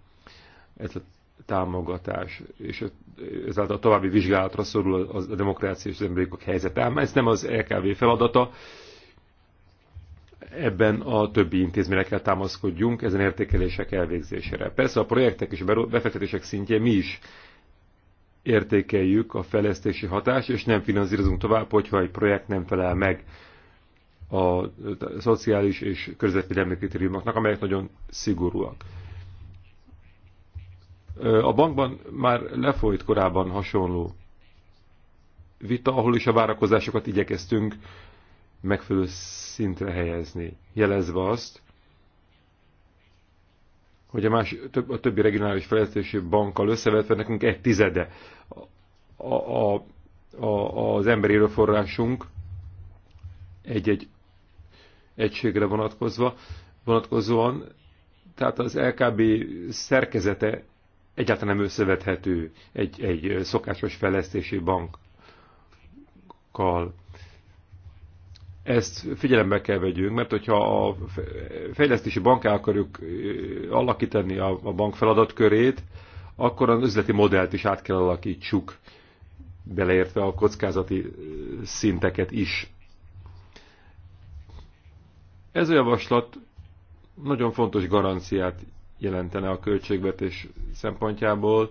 ez a támogatás, és ezáltal a további vizsgálatra szorul a demokrácia és az emberi jogok helyzete. Ám ez nem az LKV feladata, ebben a többi intézményre kell támaszkodjunk ezen értékelések elvégzésére. Persze a projektek és a befektetések szintjén mi is értékeljük a fejlesztési hatást, és nem finanszírozunk tovább, hogyha egy projekt nem felel meg a szociális és körzetvédelmi kritériumoknak, amelyek nagyon szigorúak. A bankban már lefolyt korábban hasonló vita, ahol is a várakozásokat igyekeztünk megfelelő szintre helyezni, jelezve azt, hogy a, más, a többi regionális fejlesztési bankkal összevetve nekünk egy tizede a, a, a, az emberi erőforrásunk egy-egy egységre vonatkozva, vonatkozóan, tehát az LKB szerkezete egyáltalán nem összevethető egy, egy szokásos fejlesztési bankkal. Ezt figyelembe kell vegyünk, mert hogyha a fejlesztési banká akarjuk alakítani a, a bank feladatkörét, akkor az üzleti modellt is át kell alakítsuk beleértve a kockázati szinteket is. Ez a javaslat nagyon fontos garanciát jelentene a költségvetés szempontjából,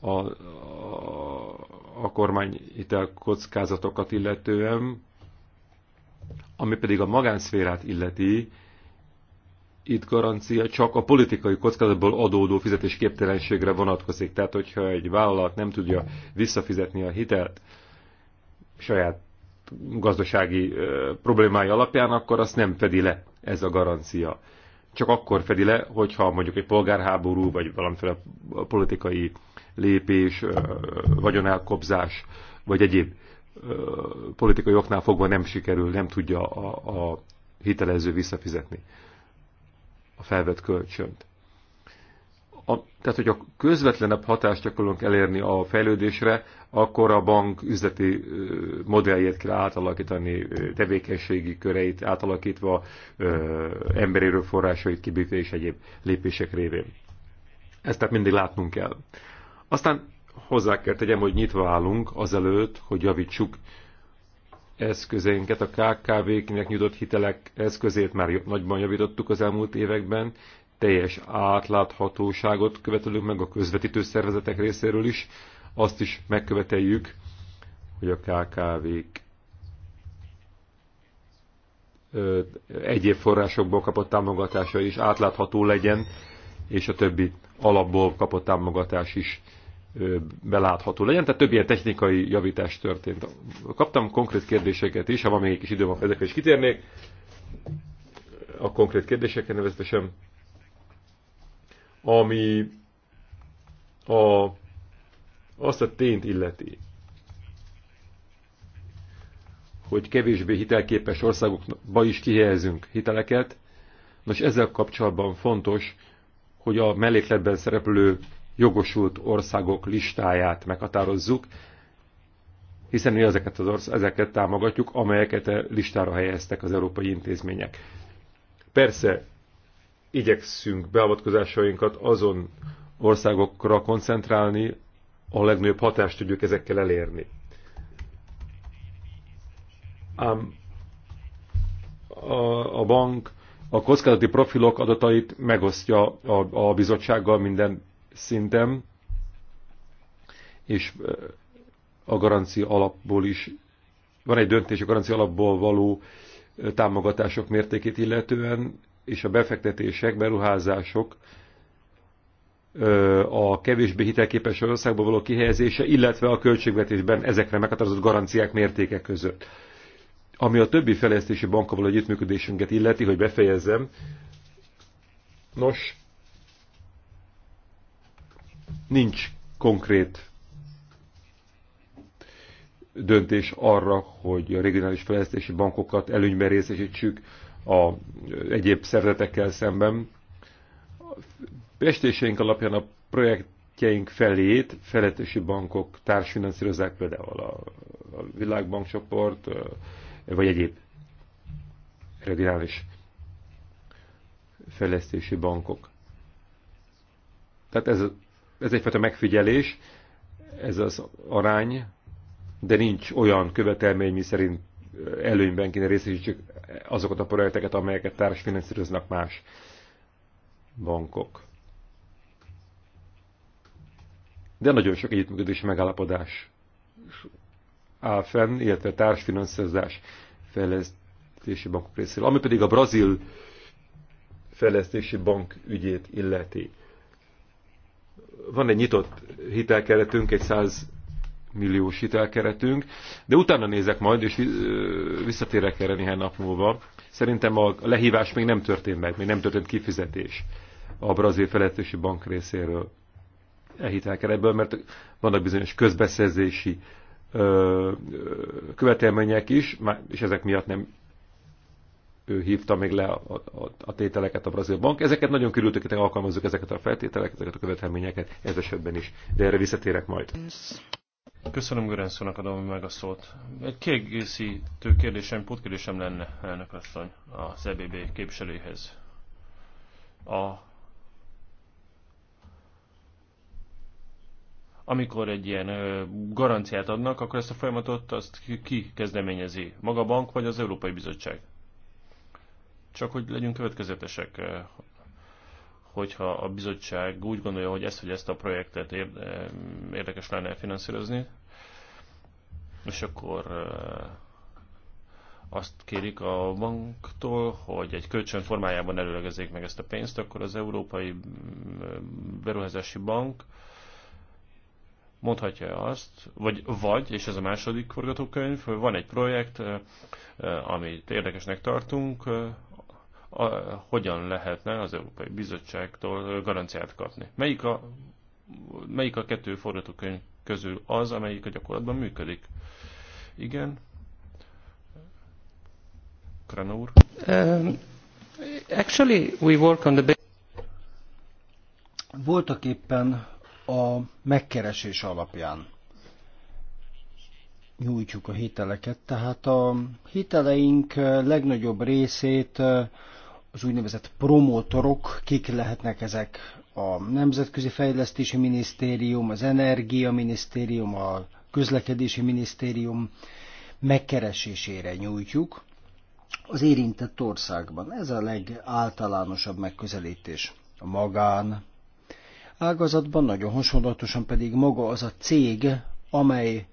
a, a, a kormányhitel kockázatokat illetően, ami pedig a magánszférát illeti, itt garancia csak a politikai kockázatból adódó fizetésképtelenségre vonatkozik. Tehát, hogyha egy vállalat nem tudja visszafizetni a hitelt saját gazdasági problémái alapján, akkor azt nem fedi le ez a garancia. Csak akkor fedi le, hogyha mondjuk egy polgárháború, vagy valamiféle politikai lépés, vagyonelkobzás, vagy egyéb politikai oknál fogva nem sikerül, nem tudja a, a hitelező visszafizetni a felvett kölcsönt. A, tehát, hogyha közvetlenebb hatást akarunk elérni a fejlődésre, akkor a bank üzleti modelljét kell átalakítani, tevékenységi köreit átalakítva, emberi erőforrásait kibítve és egyéb lépések révén. Ezt tehát mindig látnunk kell. Aztán hozzá kell tegyem, hogy nyitva állunk azelőtt, hogy javítsuk eszközeinket, a KKV-knek nyújtott hitelek eszközét már nagyban javítottuk az elmúlt években, teljes átláthatóságot követelünk meg a közvetítő szervezetek részéről is, azt is megköveteljük, hogy a KKV-k egyéb forrásokból kapott támogatása is átlátható legyen, és a többi alapból kapott támogatás is belátható legyen, tehát több ilyen technikai javítás történt. Kaptam konkrét kérdéseket is, ha van még egy kis időm, ezekre is kitérnék. A konkrét kérdésekre nevezetesen, ami a, azt a tényt illeti, hogy kevésbé hitelképes országokba is kihelyezünk hiteleket. Nos, ezzel kapcsolatban fontos, hogy a mellékletben szereplő jogosult országok listáját meghatározzuk, hiszen mi ezeket, az orsz ezeket támogatjuk, amelyeket a listára helyeztek az európai intézmények. Persze igyekszünk beavatkozásainkat azon országokra koncentrálni, a legnagyobb hatást tudjuk ezekkel elérni. Ám a, a bank a kockázati profilok adatait megosztja a, a bizottsággal minden szinten, és a garancia alapból is, van egy döntés a garancia alapból való támogatások mértékét illetően, és a befektetések, beruházások a kevésbé hitelképes országba való kihelyezése, illetve a költségvetésben ezekre meghatározott garanciák mértéke között. Ami a többi fejlesztési bankkal való együttműködésünket illeti, hogy befejezzem, nos, Nincs konkrét döntés arra, hogy a regionális fejlesztési bankokat előnyben részesítsük a egyéb szervezetekkel szemben. Pestéseink alapján a projektjeink felét fejlesztési bankok társfinanszírozzák, például a, világbankcsoport, Világbank csoport, vagy egyéb regionális fejlesztési bankok. Tehát ez ez egyfajta megfigyelés, ez az arány, de nincs olyan követelmény, mi szerint előnyben kéne részesítsük azokat a projekteket, amelyeket társfinanszíroznak más bankok. De nagyon sok együttműködési megállapodás áll fenn, illetve társfinanszírozás fejlesztési bankok részéről. Ami pedig a brazil fejlesztési bank ügyét illeti van egy nyitott hitelkeretünk, egy 100 milliós hitelkeretünk, de utána nézek majd, és visszatérek erre néhány nap múlva. Szerintem a lehívás még nem történt meg, még nem történt kifizetés a Brazil Felettesi Bank részéről e hitelkeretből, mert vannak bizonyos közbeszerzési követelmények is, és ezek miatt nem ő hívta még le a, a, a tételeket a brazil bank. Ezeket nagyon körültökétek alkalmazzuk, ezeket a feltételeket, ezeket a követelményeket, ez esetben is, de erre visszatérek majd. Köszönöm Görenszónak adom meg a szót. Egy kiegészítő kérdésem, pótkérdésem lenne, elnök asszony, az EBB képviselőhez. A amikor egy ilyen garanciát adnak, akkor ezt a folyamatot azt ki kezdeményezi? Maga a bank vagy az Európai Bizottság? Csak hogy legyünk következetesek, eh, hogyha a bizottság úgy gondolja, hogy ezt, hogy ezt a projektet eh, érdekes lenne finanszírozni, és akkor eh, azt kérik a banktól, hogy egy kölcsön formájában előlegezzék meg ezt a pénzt, akkor az Európai mm, Beruházási Bank mondhatja azt, vagy, vagy, és ez a második forgatókönyv, van egy projekt, amit érdekesnek tartunk, a, hogyan lehetne az Európai Bizottságtól garanciát kapni. Melyik a, melyik a kettő forgatókönyv közül az, amelyik a gyakorlatban működik? Igen. Krana úr. Um, actually, we work on the voltak éppen a megkeresés alapján nyújtjuk a hiteleket, tehát a hiteleink legnagyobb részét az úgynevezett promotorok, kik lehetnek ezek a Nemzetközi Fejlesztési Minisztérium, az Energia Minisztérium, a Közlekedési Minisztérium megkeresésére nyújtjuk az érintett országban. Ez a legáltalánosabb megközelítés. A magán ágazatban nagyon hasonlatosan pedig maga az a cég, amely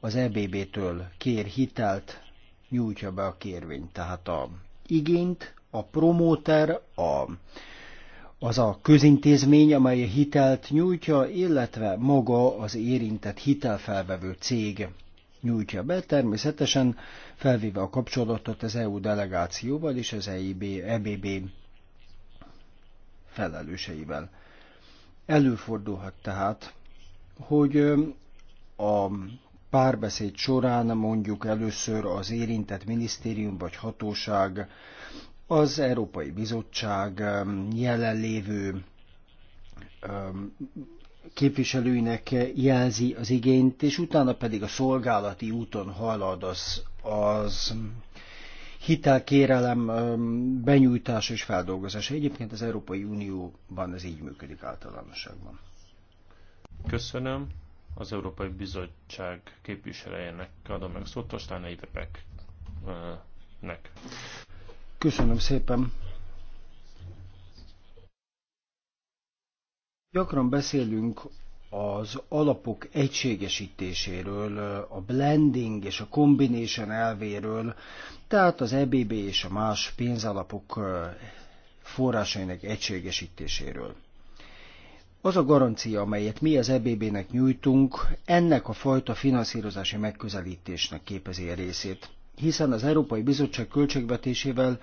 az EBB-től kér hitelt, nyújtja be a kérvényt. Tehát a igényt a promóter, a, az a közintézmény, amely a hitelt nyújtja, illetve maga az érintett hitelfelvevő cég nyújtja be, természetesen felvéve a kapcsolatot az EU delegációval és az EIB, EBB felelőseivel. Előfordulhat tehát, hogy a párbeszéd során mondjuk először az érintett minisztérium vagy hatóság az Európai Bizottság jelenlévő képviselőinek jelzi az igényt, és utána pedig a szolgálati úton halad az, az hitelkérelem benyújtása és feldolgozása. Egyébként az Európai Unióban ez így működik általánosságban. Köszönöm. Az Európai Bizottság képviselőjének adom meg a szót, Tostán Évepeknek. Köszönöm szépen. Gyakran beszélünk az alapok egységesítéséről, a blending és a combination elvéről, tehát az EBB és a más pénzalapok forrásainak egységesítéséről. Az a garancia, amelyet mi az EBB-nek nyújtunk, ennek a fajta finanszírozási megközelítésnek képezi a részét hiszen az Európai Bizottság költségvetésével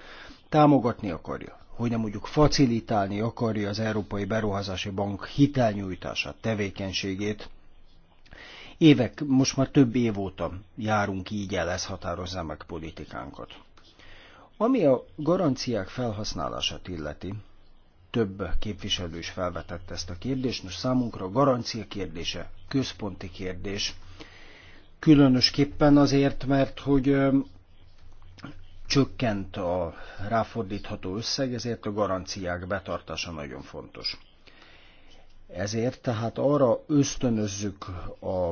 támogatni akarja, hogy nem mondjuk facilitálni akarja az Európai Beruházási Bank hitelnyújtását, tevékenységét. Évek, most már több év óta járunk így el, ez határozza meg politikánkat. Ami a garanciák felhasználását illeti, több képviselő is felvetett ezt a kérdést, most számunkra a garancia kérdése központi kérdés, különösképpen azért, mert hogy csökkent a ráfordítható összeg, ezért a garanciák betartása nagyon fontos. Ezért tehát arra ösztönözzük a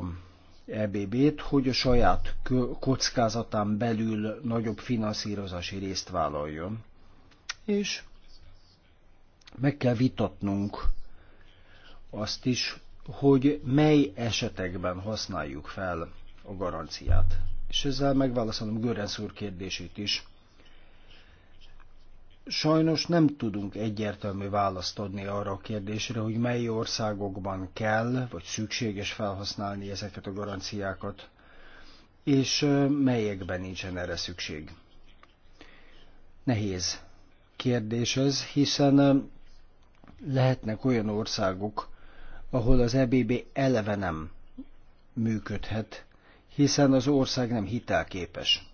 EBB-t, hogy a saját kockázatán belül nagyobb finanszírozási részt vállaljon, és meg kell vitatnunk azt is, hogy mely esetekben használjuk fel a garanciát. És ezzel megválaszolom Görensz úr kérdését is. Sajnos nem tudunk egyértelmű választ adni arra a kérdésre, hogy mely országokban kell vagy szükséges felhasználni ezeket a garanciákat, és melyekben nincsen erre szükség. Nehéz kérdés ez, hiszen lehetnek olyan országok, ahol az EBB eleve nem működhet, hiszen az ország nem hitelképes.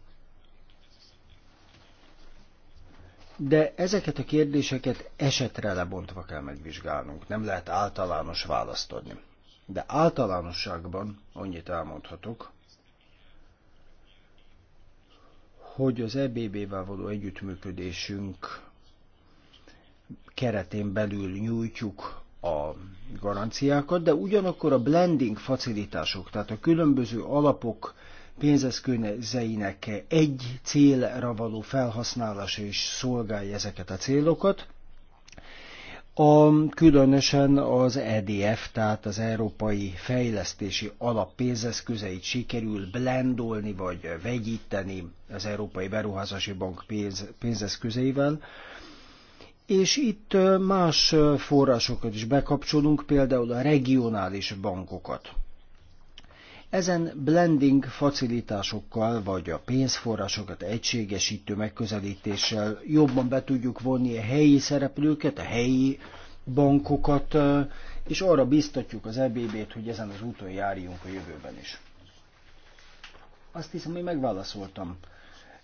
De ezeket a kérdéseket esetre lebontva kell megvizsgálnunk, nem lehet általános választ adni. De általánosságban annyit elmondhatok, hogy az EBB-vel való együttműködésünk keretén belül nyújtjuk a garanciákat, de ugyanakkor a blending facilitások, tehát a különböző alapok pénzeszközeinek egy célra való felhasználása is szolgálja ezeket a célokat. A, különösen az EDF, tehát az Európai Fejlesztési Alap pénzeszközeit sikerül blendolni vagy vegyíteni az Európai Beruházási Bank pénz, pénzeszközeivel, és itt más forrásokat is bekapcsolunk, például a regionális bankokat. Ezen blending facilitásokkal vagy a pénzforrásokat egységesítő megközelítéssel jobban be tudjuk vonni a helyi szereplőket, a helyi bankokat, és arra biztatjuk az EBB-t, hogy ezen az úton járjunk a jövőben is. Azt hiszem, hogy megválaszoltam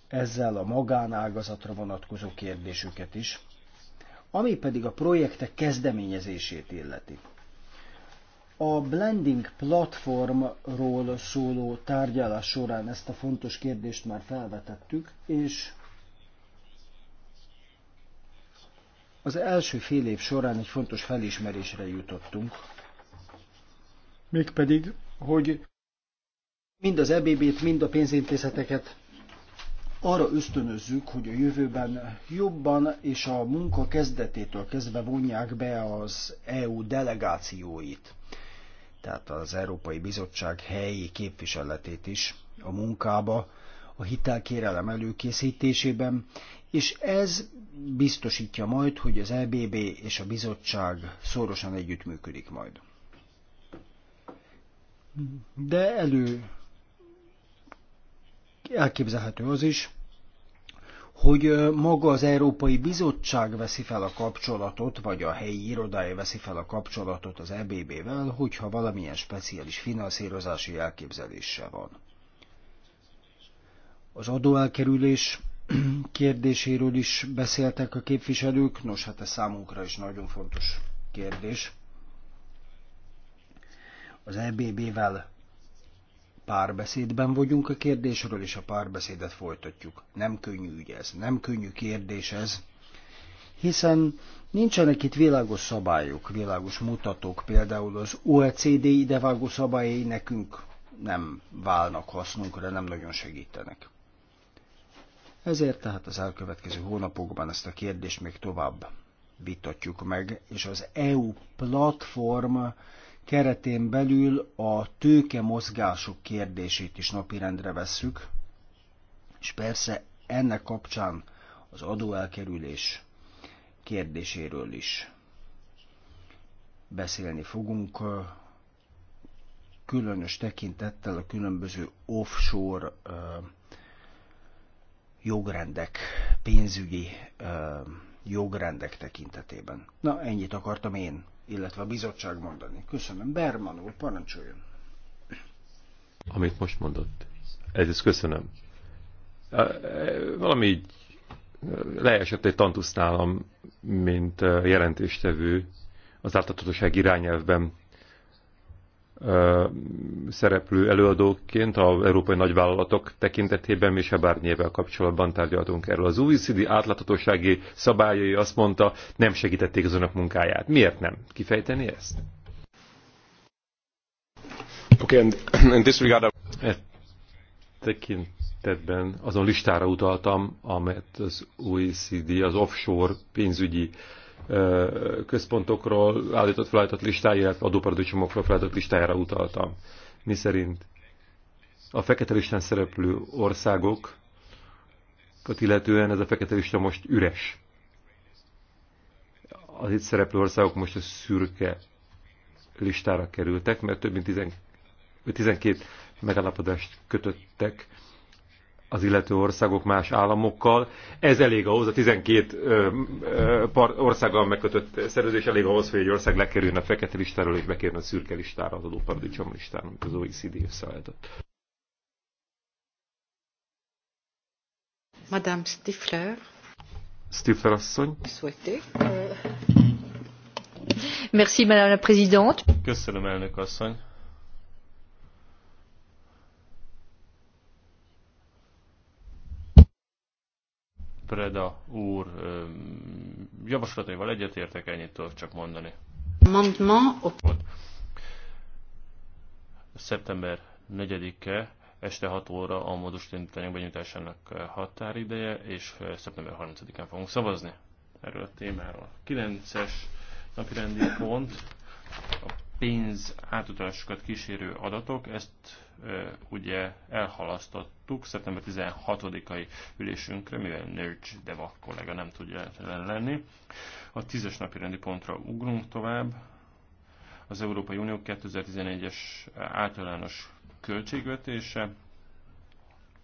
ezzel a magánágazatra vonatkozó kérdésüket is. Ami pedig a projektek kezdeményezését illeti. A blending platformról szóló tárgyalás során ezt a fontos kérdést már felvetettük, és az első fél év során egy fontos felismerésre jutottunk. Mégpedig, hogy mind az EBB-t, mind a pénzintézeteket arra ösztönözzük, hogy a jövőben jobban és a munka kezdetétől kezdve vonják be az EU delegációit, tehát az Európai Bizottság helyi képviseletét is a munkába, a hitelkérelem előkészítésében, és ez biztosítja majd, hogy az EBB és a bizottság szorosan együttműködik majd. De elő elképzelhető az is, hogy maga az Európai Bizottság veszi fel a kapcsolatot, vagy a helyi irodája veszi fel a kapcsolatot az EBB-vel, hogyha valamilyen speciális finanszírozási elképzelése van. Az adóelkerülés kérdéséről is beszéltek a képviselők, nos hát ez számunkra is nagyon fontos kérdés. Az EBB-vel párbeszédben vagyunk a kérdésről, és a párbeszédet folytatjuk. Nem könnyű ügy ez, nem könnyű kérdés ez, hiszen nincsenek itt világos szabályok, világos mutatók, például az OECD idevágó szabályai nekünk nem válnak hasznunkra, nem nagyon segítenek. Ezért tehát az elkövetkező hónapokban ezt a kérdést még tovább vitatjuk meg, és az EU platform keretén belül a tőke mozgások kérdését is napirendre vesszük, és persze ennek kapcsán az adóelkerülés kérdéséről is beszélni fogunk, különös tekintettel a különböző offshore jogrendek, pénzügyi jogrendek tekintetében. Na, ennyit akartam én illetve a bizottság mondani. Köszönöm. Berman úr, parancsoljon. Amit most mondott. is köszönöm. Valami így leesett egy tantusz nálam, mint jelentéstevő az átláthatóság irányelvben szereplő előadóként az európai nagyvállalatok tekintetében mi Sebárnyével kapcsolatban tárgyaltunk erről. Az OECD átláthatósági szabályai azt mondta, nem segítették az önök munkáját. Miért nem? Kifejteni ezt? Okay, and, and this regard... E tekintetben azon listára utaltam, amelyet az OECD az offshore pénzügyi uh, központokról állított felállított listája, illetve adóparadicsomokról felállított listájára utaltam. Mi szerint a fekete listán szereplő országok illetően ez a fekete lista most üres. Az itt szereplő országok most a szürke listára kerültek, mert több mint 12 megállapodást kötöttek az illető országok más államokkal. Ez elég ahhoz, a 12 országgal megkötött szerződés elég ahhoz, hogy egy ország lekerüljön a fekete listáról és bekerüljön a szürke listára, az adóparadicsom listán, amit az OECD összeállított. Madame Stifler. Stifler asszony. Euh, Merci, Madame la Présidente. Köszönöm, elnök asszony Preda úr javaslataival egyetértek, ennyit tudok csak mondani. Szeptember 4-e este 6 óra a módosítványok benyújtásának határideje, és szeptember 30-án fogunk szavazni erről a témáról. 9-es napirendi pont a pénz átutalásokat kísérő adatok, ezt e, ugye elhalasztottuk szeptember 16-ai ülésünkre, mivel Nörcs Deva kollega nem tudja jelen lenni. A tízes napi rendi pontra ugrunk tovább. Az Európai Unió 2011-es általános költségvetése.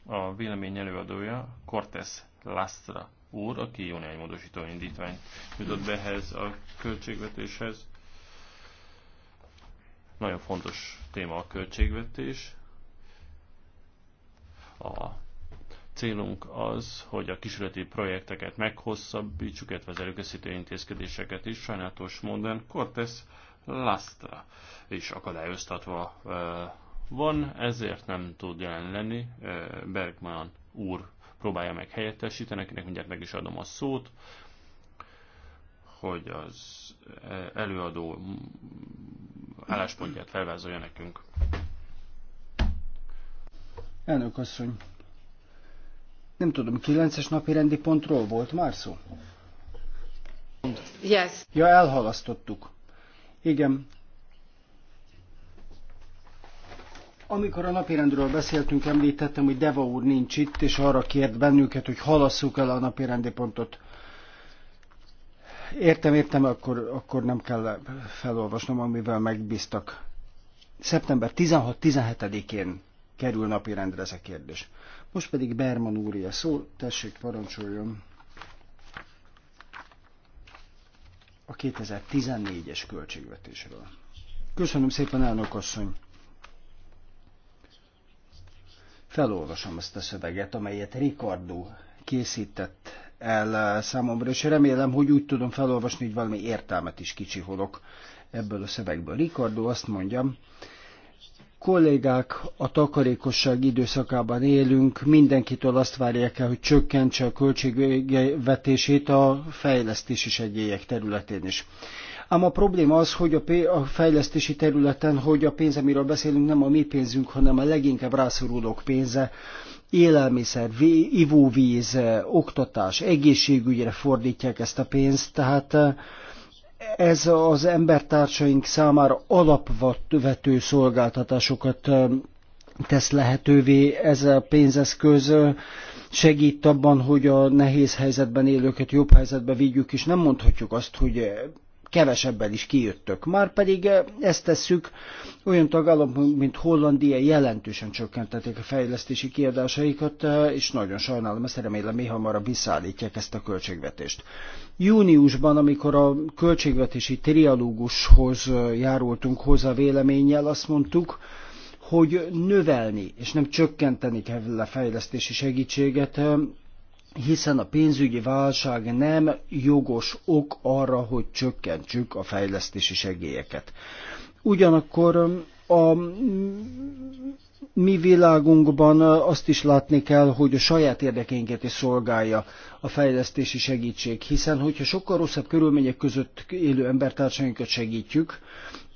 A vélemény előadója Cortes Lastra úr, aki jó néhány módosító indítványt jutott ehhez a költségvetéshez nagyon fontos téma a költségvetés. A célunk az, hogy a kísérleti projekteket meghosszabbítsuk, illetve az előkészítő intézkedéseket is. Sajnálatos módon Cortes Lastra is akadályoztatva van, ezért nem tud jelen lenni. Bergman úr próbálja meg helyettesíteni, akinek mindjárt meg is adom a szót, hogy az előadó álláspontját felvázolja nekünk. Elnök asszony, nem tudom, 9-es napi rendi pontról volt már szó? Yes. Ja, elhalasztottuk. Igen. Amikor a napirendről beszéltünk, említettem, hogy Deva úr nincs itt, és arra kért bennünket, hogy halasszuk el a napirendi pontot. Értem, értem, akkor, akkor nem kell felolvasnom, amivel megbíztak. Szeptember 16-17-én kerül napirendre ez a kérdés. Most pedig Berman úr szó, tessék, parancsoljon. A 2014-es költségvetésről. Köszönöm szépen, elnök asszony. Felolvasom ezt a szöveget, amelyet Ricardo készített el eh, számomra, és remélem, hogy úgy tudom felolvasni, hogy valami értelmet is kicsiholok ebből a szövegből. Ricardo azt mondja, kollégák, a takarékosság időszakában élünk, mindenkitől azt várják el, hogy csökkentse a költségvetését a fejlesztési segélyek területén is. Ám a probléma az, hogy a, fejlesztési területen, hogy a pénz, amiről beszélünk, nem a mi pénzünk, hanem a leginkább rászorulók pénze, élelmiszer, ivóvíz, oktatás, egészségügyre fordítják ezt a pénzt, tehát ez az embertársaink számára alapvető szolgáltatásokat tesz lehetővé ez a pénzeszköz, segít abban, hogy a nehéz helyzetben élőket jobb helyzetbe vigyük, és nem mondhatjuk azt, hogy kevesebben is kijöttök. Már pedig eh, ezt tesszük, olyan tagállamok, mint Hollandia jelentősen csökkentették a fejlesztési kiadásaikat, eh, és nagyon sajnálom, ezt remélem, mi hamarabb visszaállítják ezt a költségvetést. Júniusban, amikor a költségvetési trialógushoz eh, járultunk hozzá véleménnyel, azt mondtuk, hogy növelni és nem csökkenteni kell a fejlesztési segítséget, hiszen a pénzügyi válság nem jogos ok arra, hogy csökkentsük a fejlesztési segélyeket. Ugyanakkor um, a mi világunkban uh, azt is látni kell, hogy a saját érdekeinket is szolgálja a fejlesztési segítség, hiszen hogyha sokkal rosszabb körülmények között élő embertársainkat segítjük,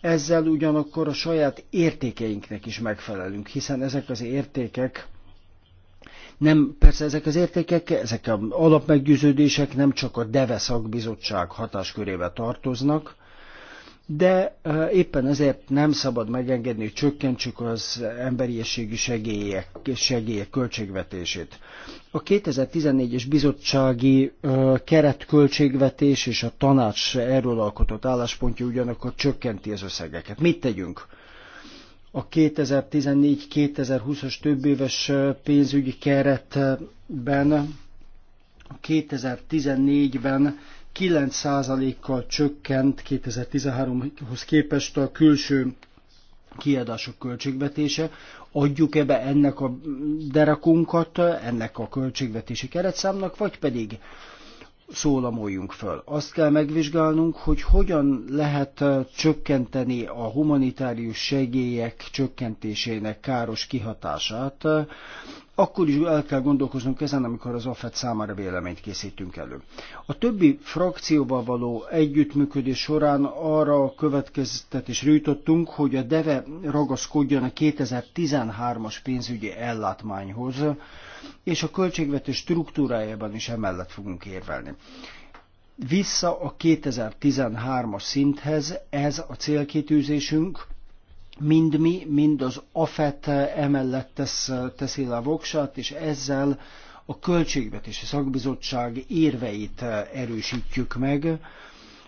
ezzel ugyanakkor a saját értékeinknek is megfelelünk, hiszen ezek az értékek nem, persze ezek az értékek, ezek az alapmeggyőződések nem csak a DEVE szakbizottság hatáskörébe tartoznak, de éppen ezért nem szabad megengedni, hogy csökkentsük az emberiességi segélyek, segélyek költségvetését. A 2014-es bizottsági keretköltségvetés és a tanács erről alkotott álláspontja ugyanakkor csökkenti az összegeket. Mit tegyünk? a 2014-2020-as többéves pénzügyi keretben a 2014-ben 9%-kal csökkent 2013-hoz képest a külső kiadások költségvetése. Adjuk ebbe ennek a derakunkat, ennek a költségvetési keretszámnak, vagy pedig szólamoljunk föl. Azt kell megvizsgálnunk, hogy hogyan lehet csökkenteni a humanitárius segélyek csökkentésének káros kihatását. Akkor is el kell gondolkoznunk ezen, amikor az AFET számára véleményt készítünk elő. A többi frakcióval való együttműködés során arra a következtetést jutottunk, hogy a DEVE ragaszkodjon a 2013-as pénzügyi ellátmányhoz, és a költségvető struktúrájában is emellett fogunk érvelni. Vissza a 2013-as szinthez, ez a célkitűzésünk, mind mi, mind az AFET emellett tesz, teszi le a voksát, és ezzel a Költségvetési Szakbizottság érveit erősítjük meg.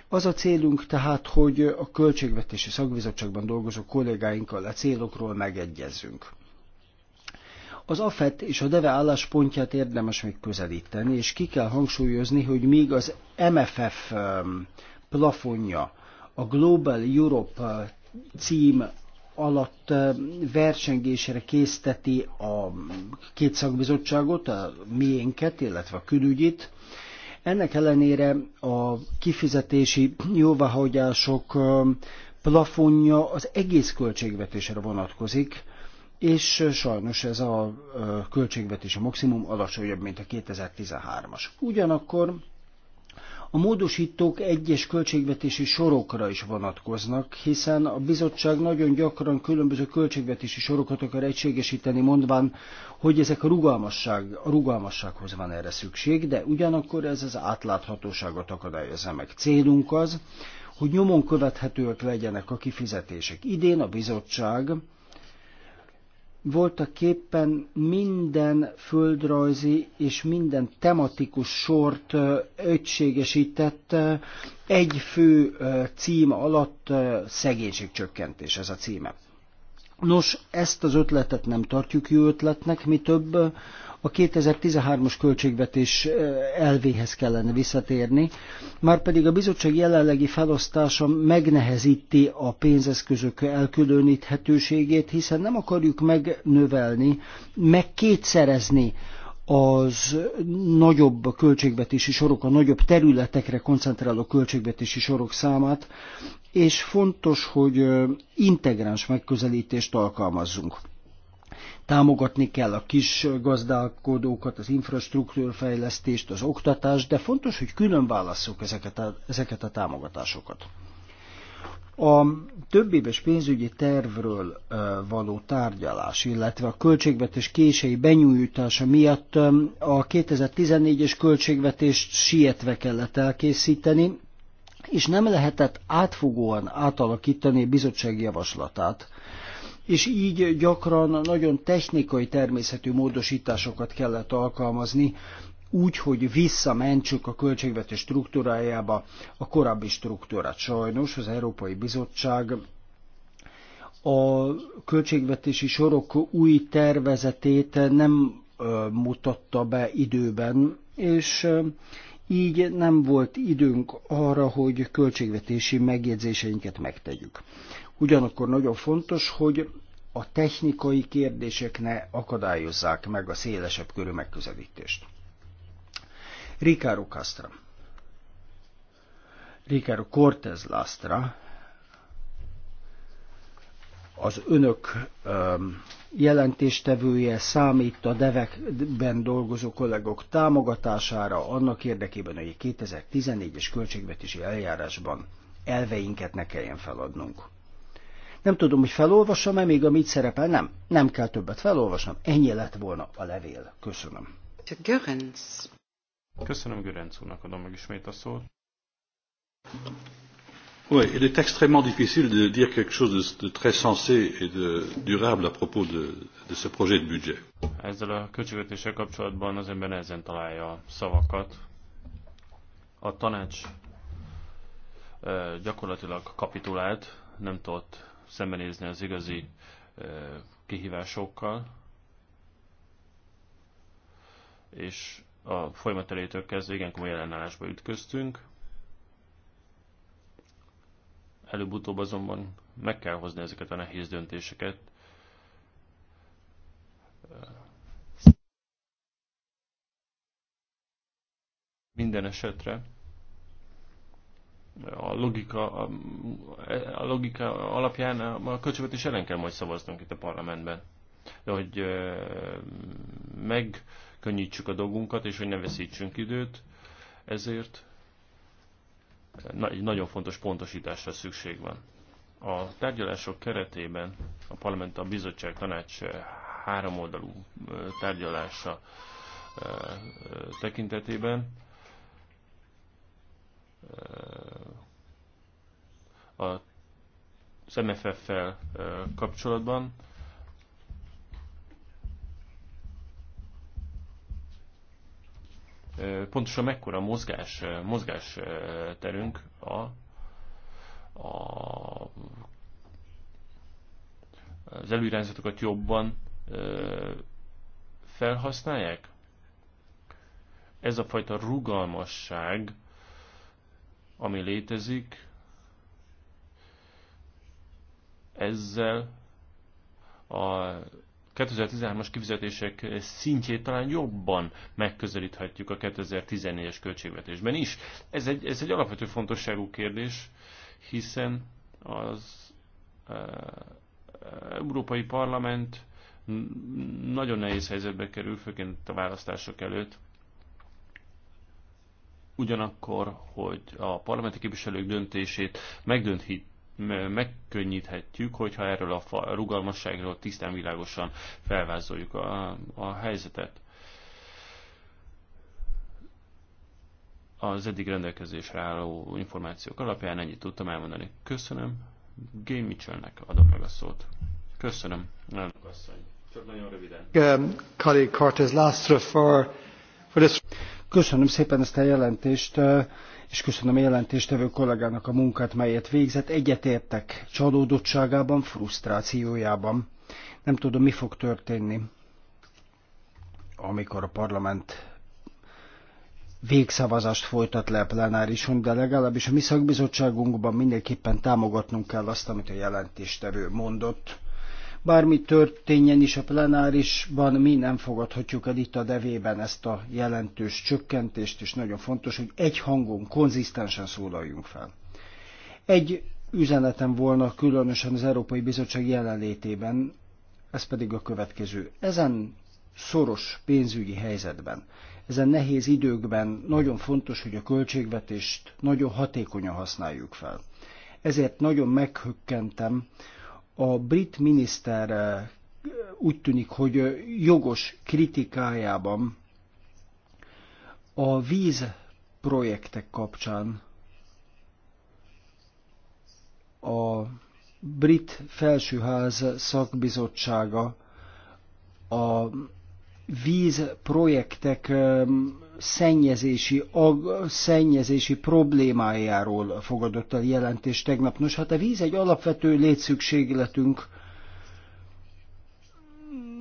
Az a célunk tehát, hogy a Költségvetési Szakbizottságban dolgozó kollégáinkkal a célokról megegyezzünk. Az AFET és a DEVE álláspontját érdemes még közelíteni, és ki kell hangsúlyozni, hogy még az MFF um, plafonja, a Global Europe uh, cím alatt uh, versengésre készteti a két szakbizottságot, a miénket, illetve a külügyit. Ennek ellenére a kifizetési jóváhagyások um, plafonja az egész költségvetésre vonatkozik, és sajnos ez a költségvetési maximum alacsonyabb, mint a 2013-as. Ugyanakkor a módosítók egyes költségvetési sorokra is vonatkoznak, hiszen a bizottság nagyon gyakran különböző költségvetési sorokat akar egységesíteni, mondván, hogy ezek a, rugalmasság, a rugalmassághoz van erre szükség, de ugyanakkor ez az átláthatóságot akadályozza meg. Célunk az, hogy nyomon követhetőek legyenek a kifizetések. Idén a bizottság voltak éppen minden földrajzi és minden tematikus sort egységesített egy fő cím alatt szegénységcsökkentés ez a címe. Nos, ezt az ötletet nem tartjuk jó ötletnek, mi több a 2013 os költségvetés elvéhez kellene visszatérni, márpedig a bizottság jelenlegi felosztása megnehezíti a pénzeszközök elkülöníthetőségét, hiszen nem akarjuk megnövelni, megkétszerezni az nagyobb költségvetési sorok, a nagyobb területekre koncentráló költségvetési sorok számát, és fontos, hogy integráns megközelítést alkalmazzunk. Támogatni kell a kis gazdálkodókat, az infrastruktúrfejlesztést, az oktatást, de fontos, hogy külön válasszuk ezeket a, ezeket a támogatásokat. A több éves pénzügyi tervről való tárgyalás, illetve a költségvetés késői benyújtása miatt a 2014-es költségvetést sietve kellett elkészíteni, és nem lehetett átfogóan átalakítani a bizottság javaslatát és így gyakran nagyon technikai természetű módosításokat kellett alkalmazni, úgy, hogy visszamentsük a költségvetés struktúrájába a korábbi struktúrát. Sajnos az Európai Bizottság a költségvetési sorok új tervezetét nem mutatta be időben, és így nem volt időnk arra, hogy költségvetési megjegyzéseinket megtegyük. Ugyanakkor nagyon fontos, hogy a technikai kérdések ne akadályozzák meg a szélesebb körű megközelítést. Ricardo Castro. Ricardo Cortez Lastra az önök um, jelentéstevője számít a devekben dolgozó kollégok támogatására annak érdekében, hogy 2014-es költségvetési eljárásban elveinket ne kelljen feladnunk. Nem tudom, hogy felolvassam-e még, amit szerepel. Nem, nem kell többet felolvasnom. Ennyi lett volna a levél. Köszönöm. Köszönöm Görenc úrnak, adom meg ismét a szót. Oui, il est extrêmement difficile de dire quelque chose de, de très sensé et de durable à propos de, de ce projet de budget. Ezzel a költségvetéssel kapcsolatban az ember nehezen találja szavakat. A tanács gyakorlatilag kapitulált, nem tudott szembenézni az igazi kihívásokkal, és a folyamat elétől kezdve igen komoly ellenállásba ütköztünk. Előbb-utóbb azonban meg kell hozni ezeket a nehéz döntéseket. Minden esetre a logika, a, a logika alapján a költségvetés ellen kell majd szavaznunk itt a parlamentben. De hogy megkönnyítsük a dolgunkat, és hogy ne veszítsünk időt, ezért egy nagyon fontos pontosításra szükség van. A tárgyalások keretében a parlament, a bizottság, tanács háromoldalú tárgyalása tekintetében a az MFF-fel kapcsolatban. Pontosan mekkora mozgás, mozgás terünk a, a, az előirányzatokat jobban felhasználják? Ez a fajta rugalmasság ami létezik, ezzel a 2013-as kifizetések szintjét talán jobban megközelíthetjük a 2014-es költségvetésben is. Ez egy, ez egy alapvető fontosságú kérdés, hiszen az e, e, Európai Parlament nagyon nehéz helyzetbe kerül, főként a választások előtt, ugyanakkor, hogy a parlamenti képviselők döntését megdönthit, megkönnyíthetjük, hogyha erről a rugalmasságról tisztán világosan felvázoljuk a, a helyzetet. Az eddig rendelkezésre álló információk alapján ennyit tudtam elmondani. Köszönöm. Game Mitchellnek adom meg a szót. Köszönöm. Elnök asszony. Csak nagyon röviden. Um, Carter Lastra for, for this. Köszönöm szépen ezt a jelentést, és köszönöm a jelentéstevő kollégának a munkát, melyet végzett. Egyetértek csalódottságában, frusztrációjában. Nem tudom, mi fog történni, amikor a parlament végszavazást folytat le a plenárison, de legalábbis a mi szakbizottságunkban mindenképpen támogatnunk kell azt, amit a jelentéstevő mondott Bármi történjen is a plenárisban, mi nem fogadhatjuk el itt a devében ezt a jelentős csökkentést, és nagyon fontos, hogy egy hangon, konzisztensen szólaljunk fel. Egy üzenetem volna különösen az Európai Bizottság jelenlétében, ez pedig a következő. Ezen szoros pénzügyi helyzetben, ezen nehéz időkben nagyon fontos, hogy a költségvetést nagyon hatékonyan használjuk fel. Ezért nagyon meghökkentem, a brit miniszter eh, úgy tűnik, hogy jogos kritikájában a víz projektek kapcsán a brit felsőház szakbizottsága a víz projektek eh, szennyezési, ag, szennyezési problémájáról fogadott el jelentést tegnap. Nos, hát a víz egy alapvető létszükségletünk.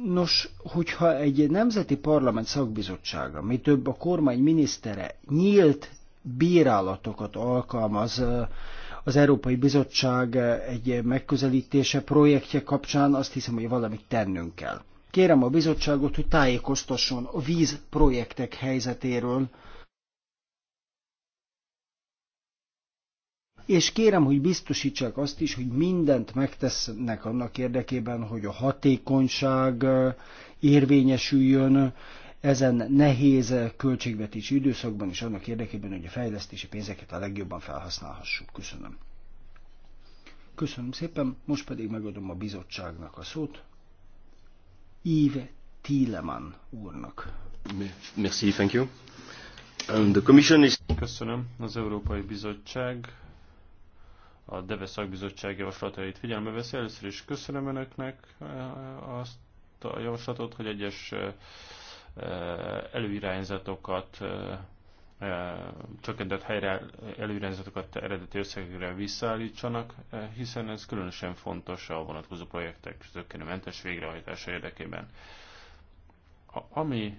Nos, hogyha egy nemzeti parlament szakbizottsága, mi több a kormány minisztere nyílt bírálatokat alkalmaz az Európai Bizottság egy megközelítése projektje kapcsán, azt hiszem, hogy valamit tennünk kell. Kérem a bizottságot, hogy tájékoztasson a vízprojektek helyzetéről, és kérem, hogy biztosítsák azt is, hogy mindent megtesznek annak érdekében, hogy a hatékonyság érvényesüljön ezen nehéz költségvetési időszakban, és annak érdekében, hogy a fejlesztési pénzeket a legjobban felhasználhassuk. Köszönöm. Köszönöm szépen, most pedig megadom a bizottságnak a szót. Yves Thielemann úrnak. Merci, thank you. And um, the commission is... Köszönöm. Az Európai Bizottság a DEVE szakbizottság javaslatait figyelme veszi. Először is köszönöm Önöknek eh, azt a javaslatot, hogy egyes eh, eh, előirányzatokat csökkentett helyre előirányzatokat eredeti összegekre visszaállítsanak, hiszen ez különösen fontos a vonatkozó projektek zöggenőmentes végrehajtása érdekében. A, ami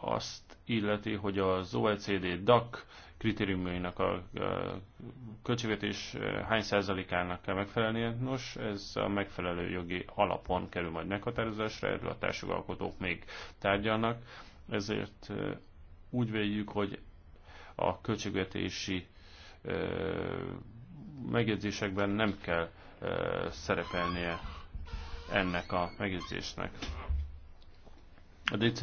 azt illeti, hogy az OECD DAC kritériumainak a költségvetés hány százalékának kell megfelelnie. Nos, ez a megfelelő jogi alapon kerül majd meghatározásra, erről a társjogalkotók még tárgyalnak, ezért úgy véljük, hogy a költségvetési megjegyzésekben nem kell szerepelnie ennek a megjegyzésnek. A DC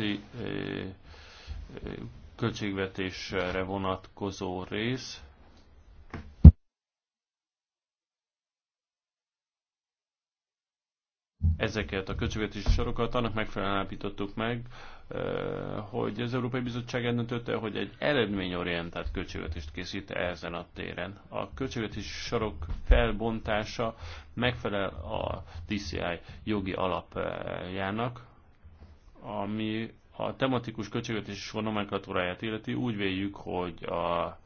költségvetésre vonatkozó rész ezeket a költségvetési sorokat annak megfelelően állapítottuk meg, Eh, hogy az Európai Bizottság eldöntötte, hogy egy eredményorientált költségvetést készít ezen a téren. A költségvetési sorok felbontása megfelel a DCI jogi alapjának, ami a tematikus költségvetési sor nomenklatúráját illeti. Úgy véljük, hogy a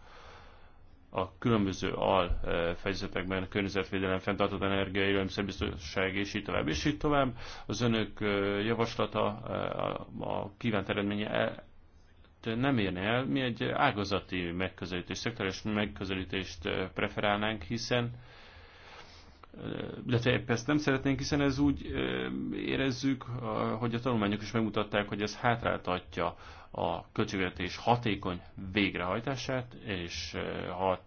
a különböző al e, fejezetekben, környezetvédelem, fenntartott energia, élelmiszerbiztonság, és így tovább, és így tovább. Az önök e, javaslata, e, a kívánt eredménye nem érne el. Mi egy ágazati megközelítést, szektoros megközelítést preferálnánk, hiszen de ezt nem szeretnénk, hiszen ez úgy érezzük, hogy a tanulmányok is megmutatták, hogy ez hátráltatja a költségvetés hatékony végrehajtását, és ha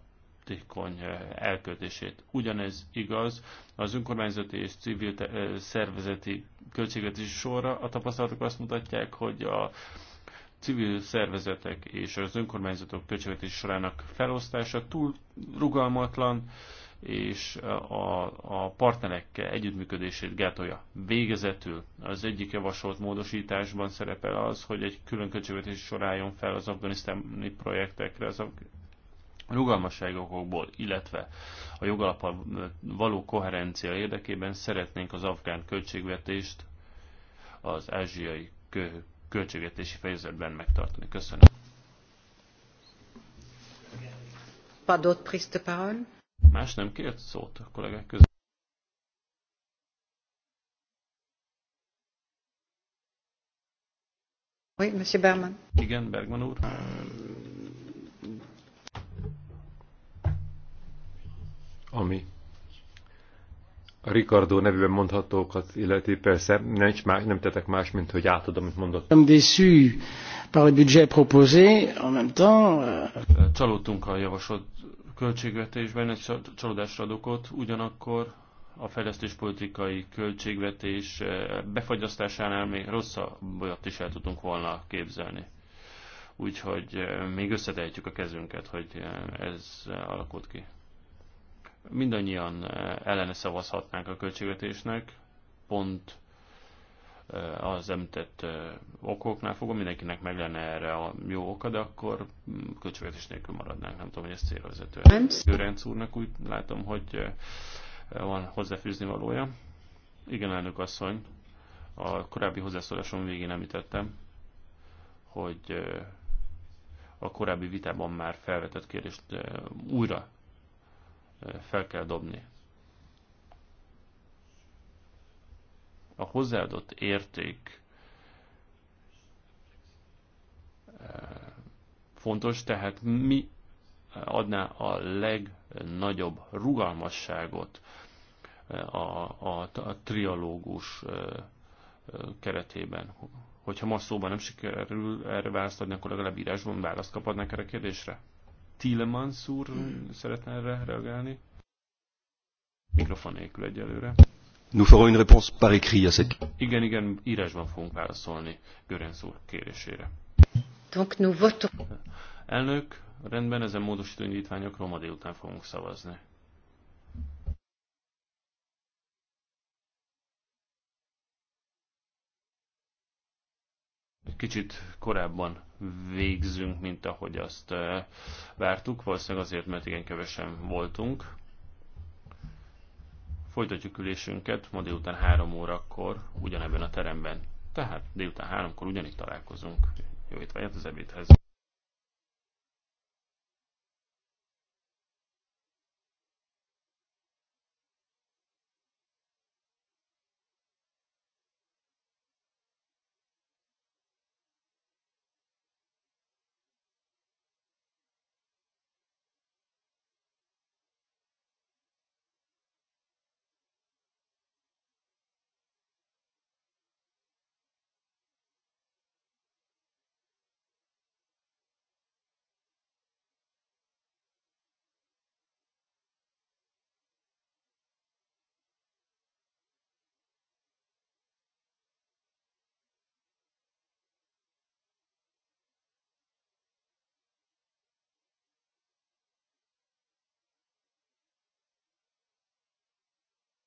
hatékony eh, elköltését. Ugyanez igaz az önkormányzati és civil eh, szervezeti költségvetési sorra. A tapasztalatok azt mutatják, hogy a civil szervezetek és az önkormányzatok költségvetési sorának felosztása túl rugalmatlan, és a, a partnerekkel együttműködését gátolja. Végezetül az egyik javasolt módosításban szerepel az, hogy egy külön költségvetés soráljon fel az afganisztáni projektekre, az rugalmasságokból, illetve a jogalap való koherencia érdekében szeretnénk az afgán költségvetést az ázsiai költségvetési fejezetben megtartani. Köszönöm. Más nem kért szót a kollégák között. Oui, Monsieur Bergman. Igen, Bergman úr. ami a Ricardo nevében mondhatókat illeti, persze nem, nem tettek más, mint hogy átadom, amit mondott. Nem déçu par le budget proposé, en même temps... Euh, Csalódtunk a javasolt költségvetésben, egy csalódásra adokot, ugyanakkor a fejlesztéspolitikai költségvetés eh, befagyasztásánál még rosszabbat is el tudtunk volna képzelni. Úgyhogy eh, még összetehetjük a kezünket, hogy eh, ez alakult ki mindannyian eh, ellene szavazhatnánk a költségvetésnek, pont eh, az említett eh, okoknál fogom, mindenkinek meg lenne erre a jó oka, de akkor mm, költségvetés nélkül maradnánk, nem tudom, hogy ez célvezető. Görenc úrnak úgy látom, hogy van hozzáfűzni valója. Igen, elnök asszony, a korábbi hozzászólásom végén említettem, hogy a korábbi vitában már felvetett kérdést újra fel kell dobni. A hozzáadott érték eh, fontos, tehát mi adná a legnagyobb rugalmasságot eh, a, a, a trialógus eh, keretében. Hogyha ma szóban nem sikerül erre választ adni, akkor legalább írásban választ kaphatnánk erre a kérdésre. Tillemans úr szeretne erre reagálni? Mikrofon nélkül egyelőre. Nous ferons une réponse par écrit à cette... Igen, igen, írásban fogunk válaszolni Görenc úr kérésére. Donc nous votons. Elnök, rendben, ezen módosító indítványokról ma délután fogunk szavazni. kicsit korábban végzünk, mint ahogy azt eh, vártuk, valószínűleg azért, mert igen kevesen voltunk. Folytatjuk ülésünket ma délután 3 órakor ugyanebben a teremben. Tehát délután 3-kor ugyanígy találkozunk. Jó étvágyat az ebédhez!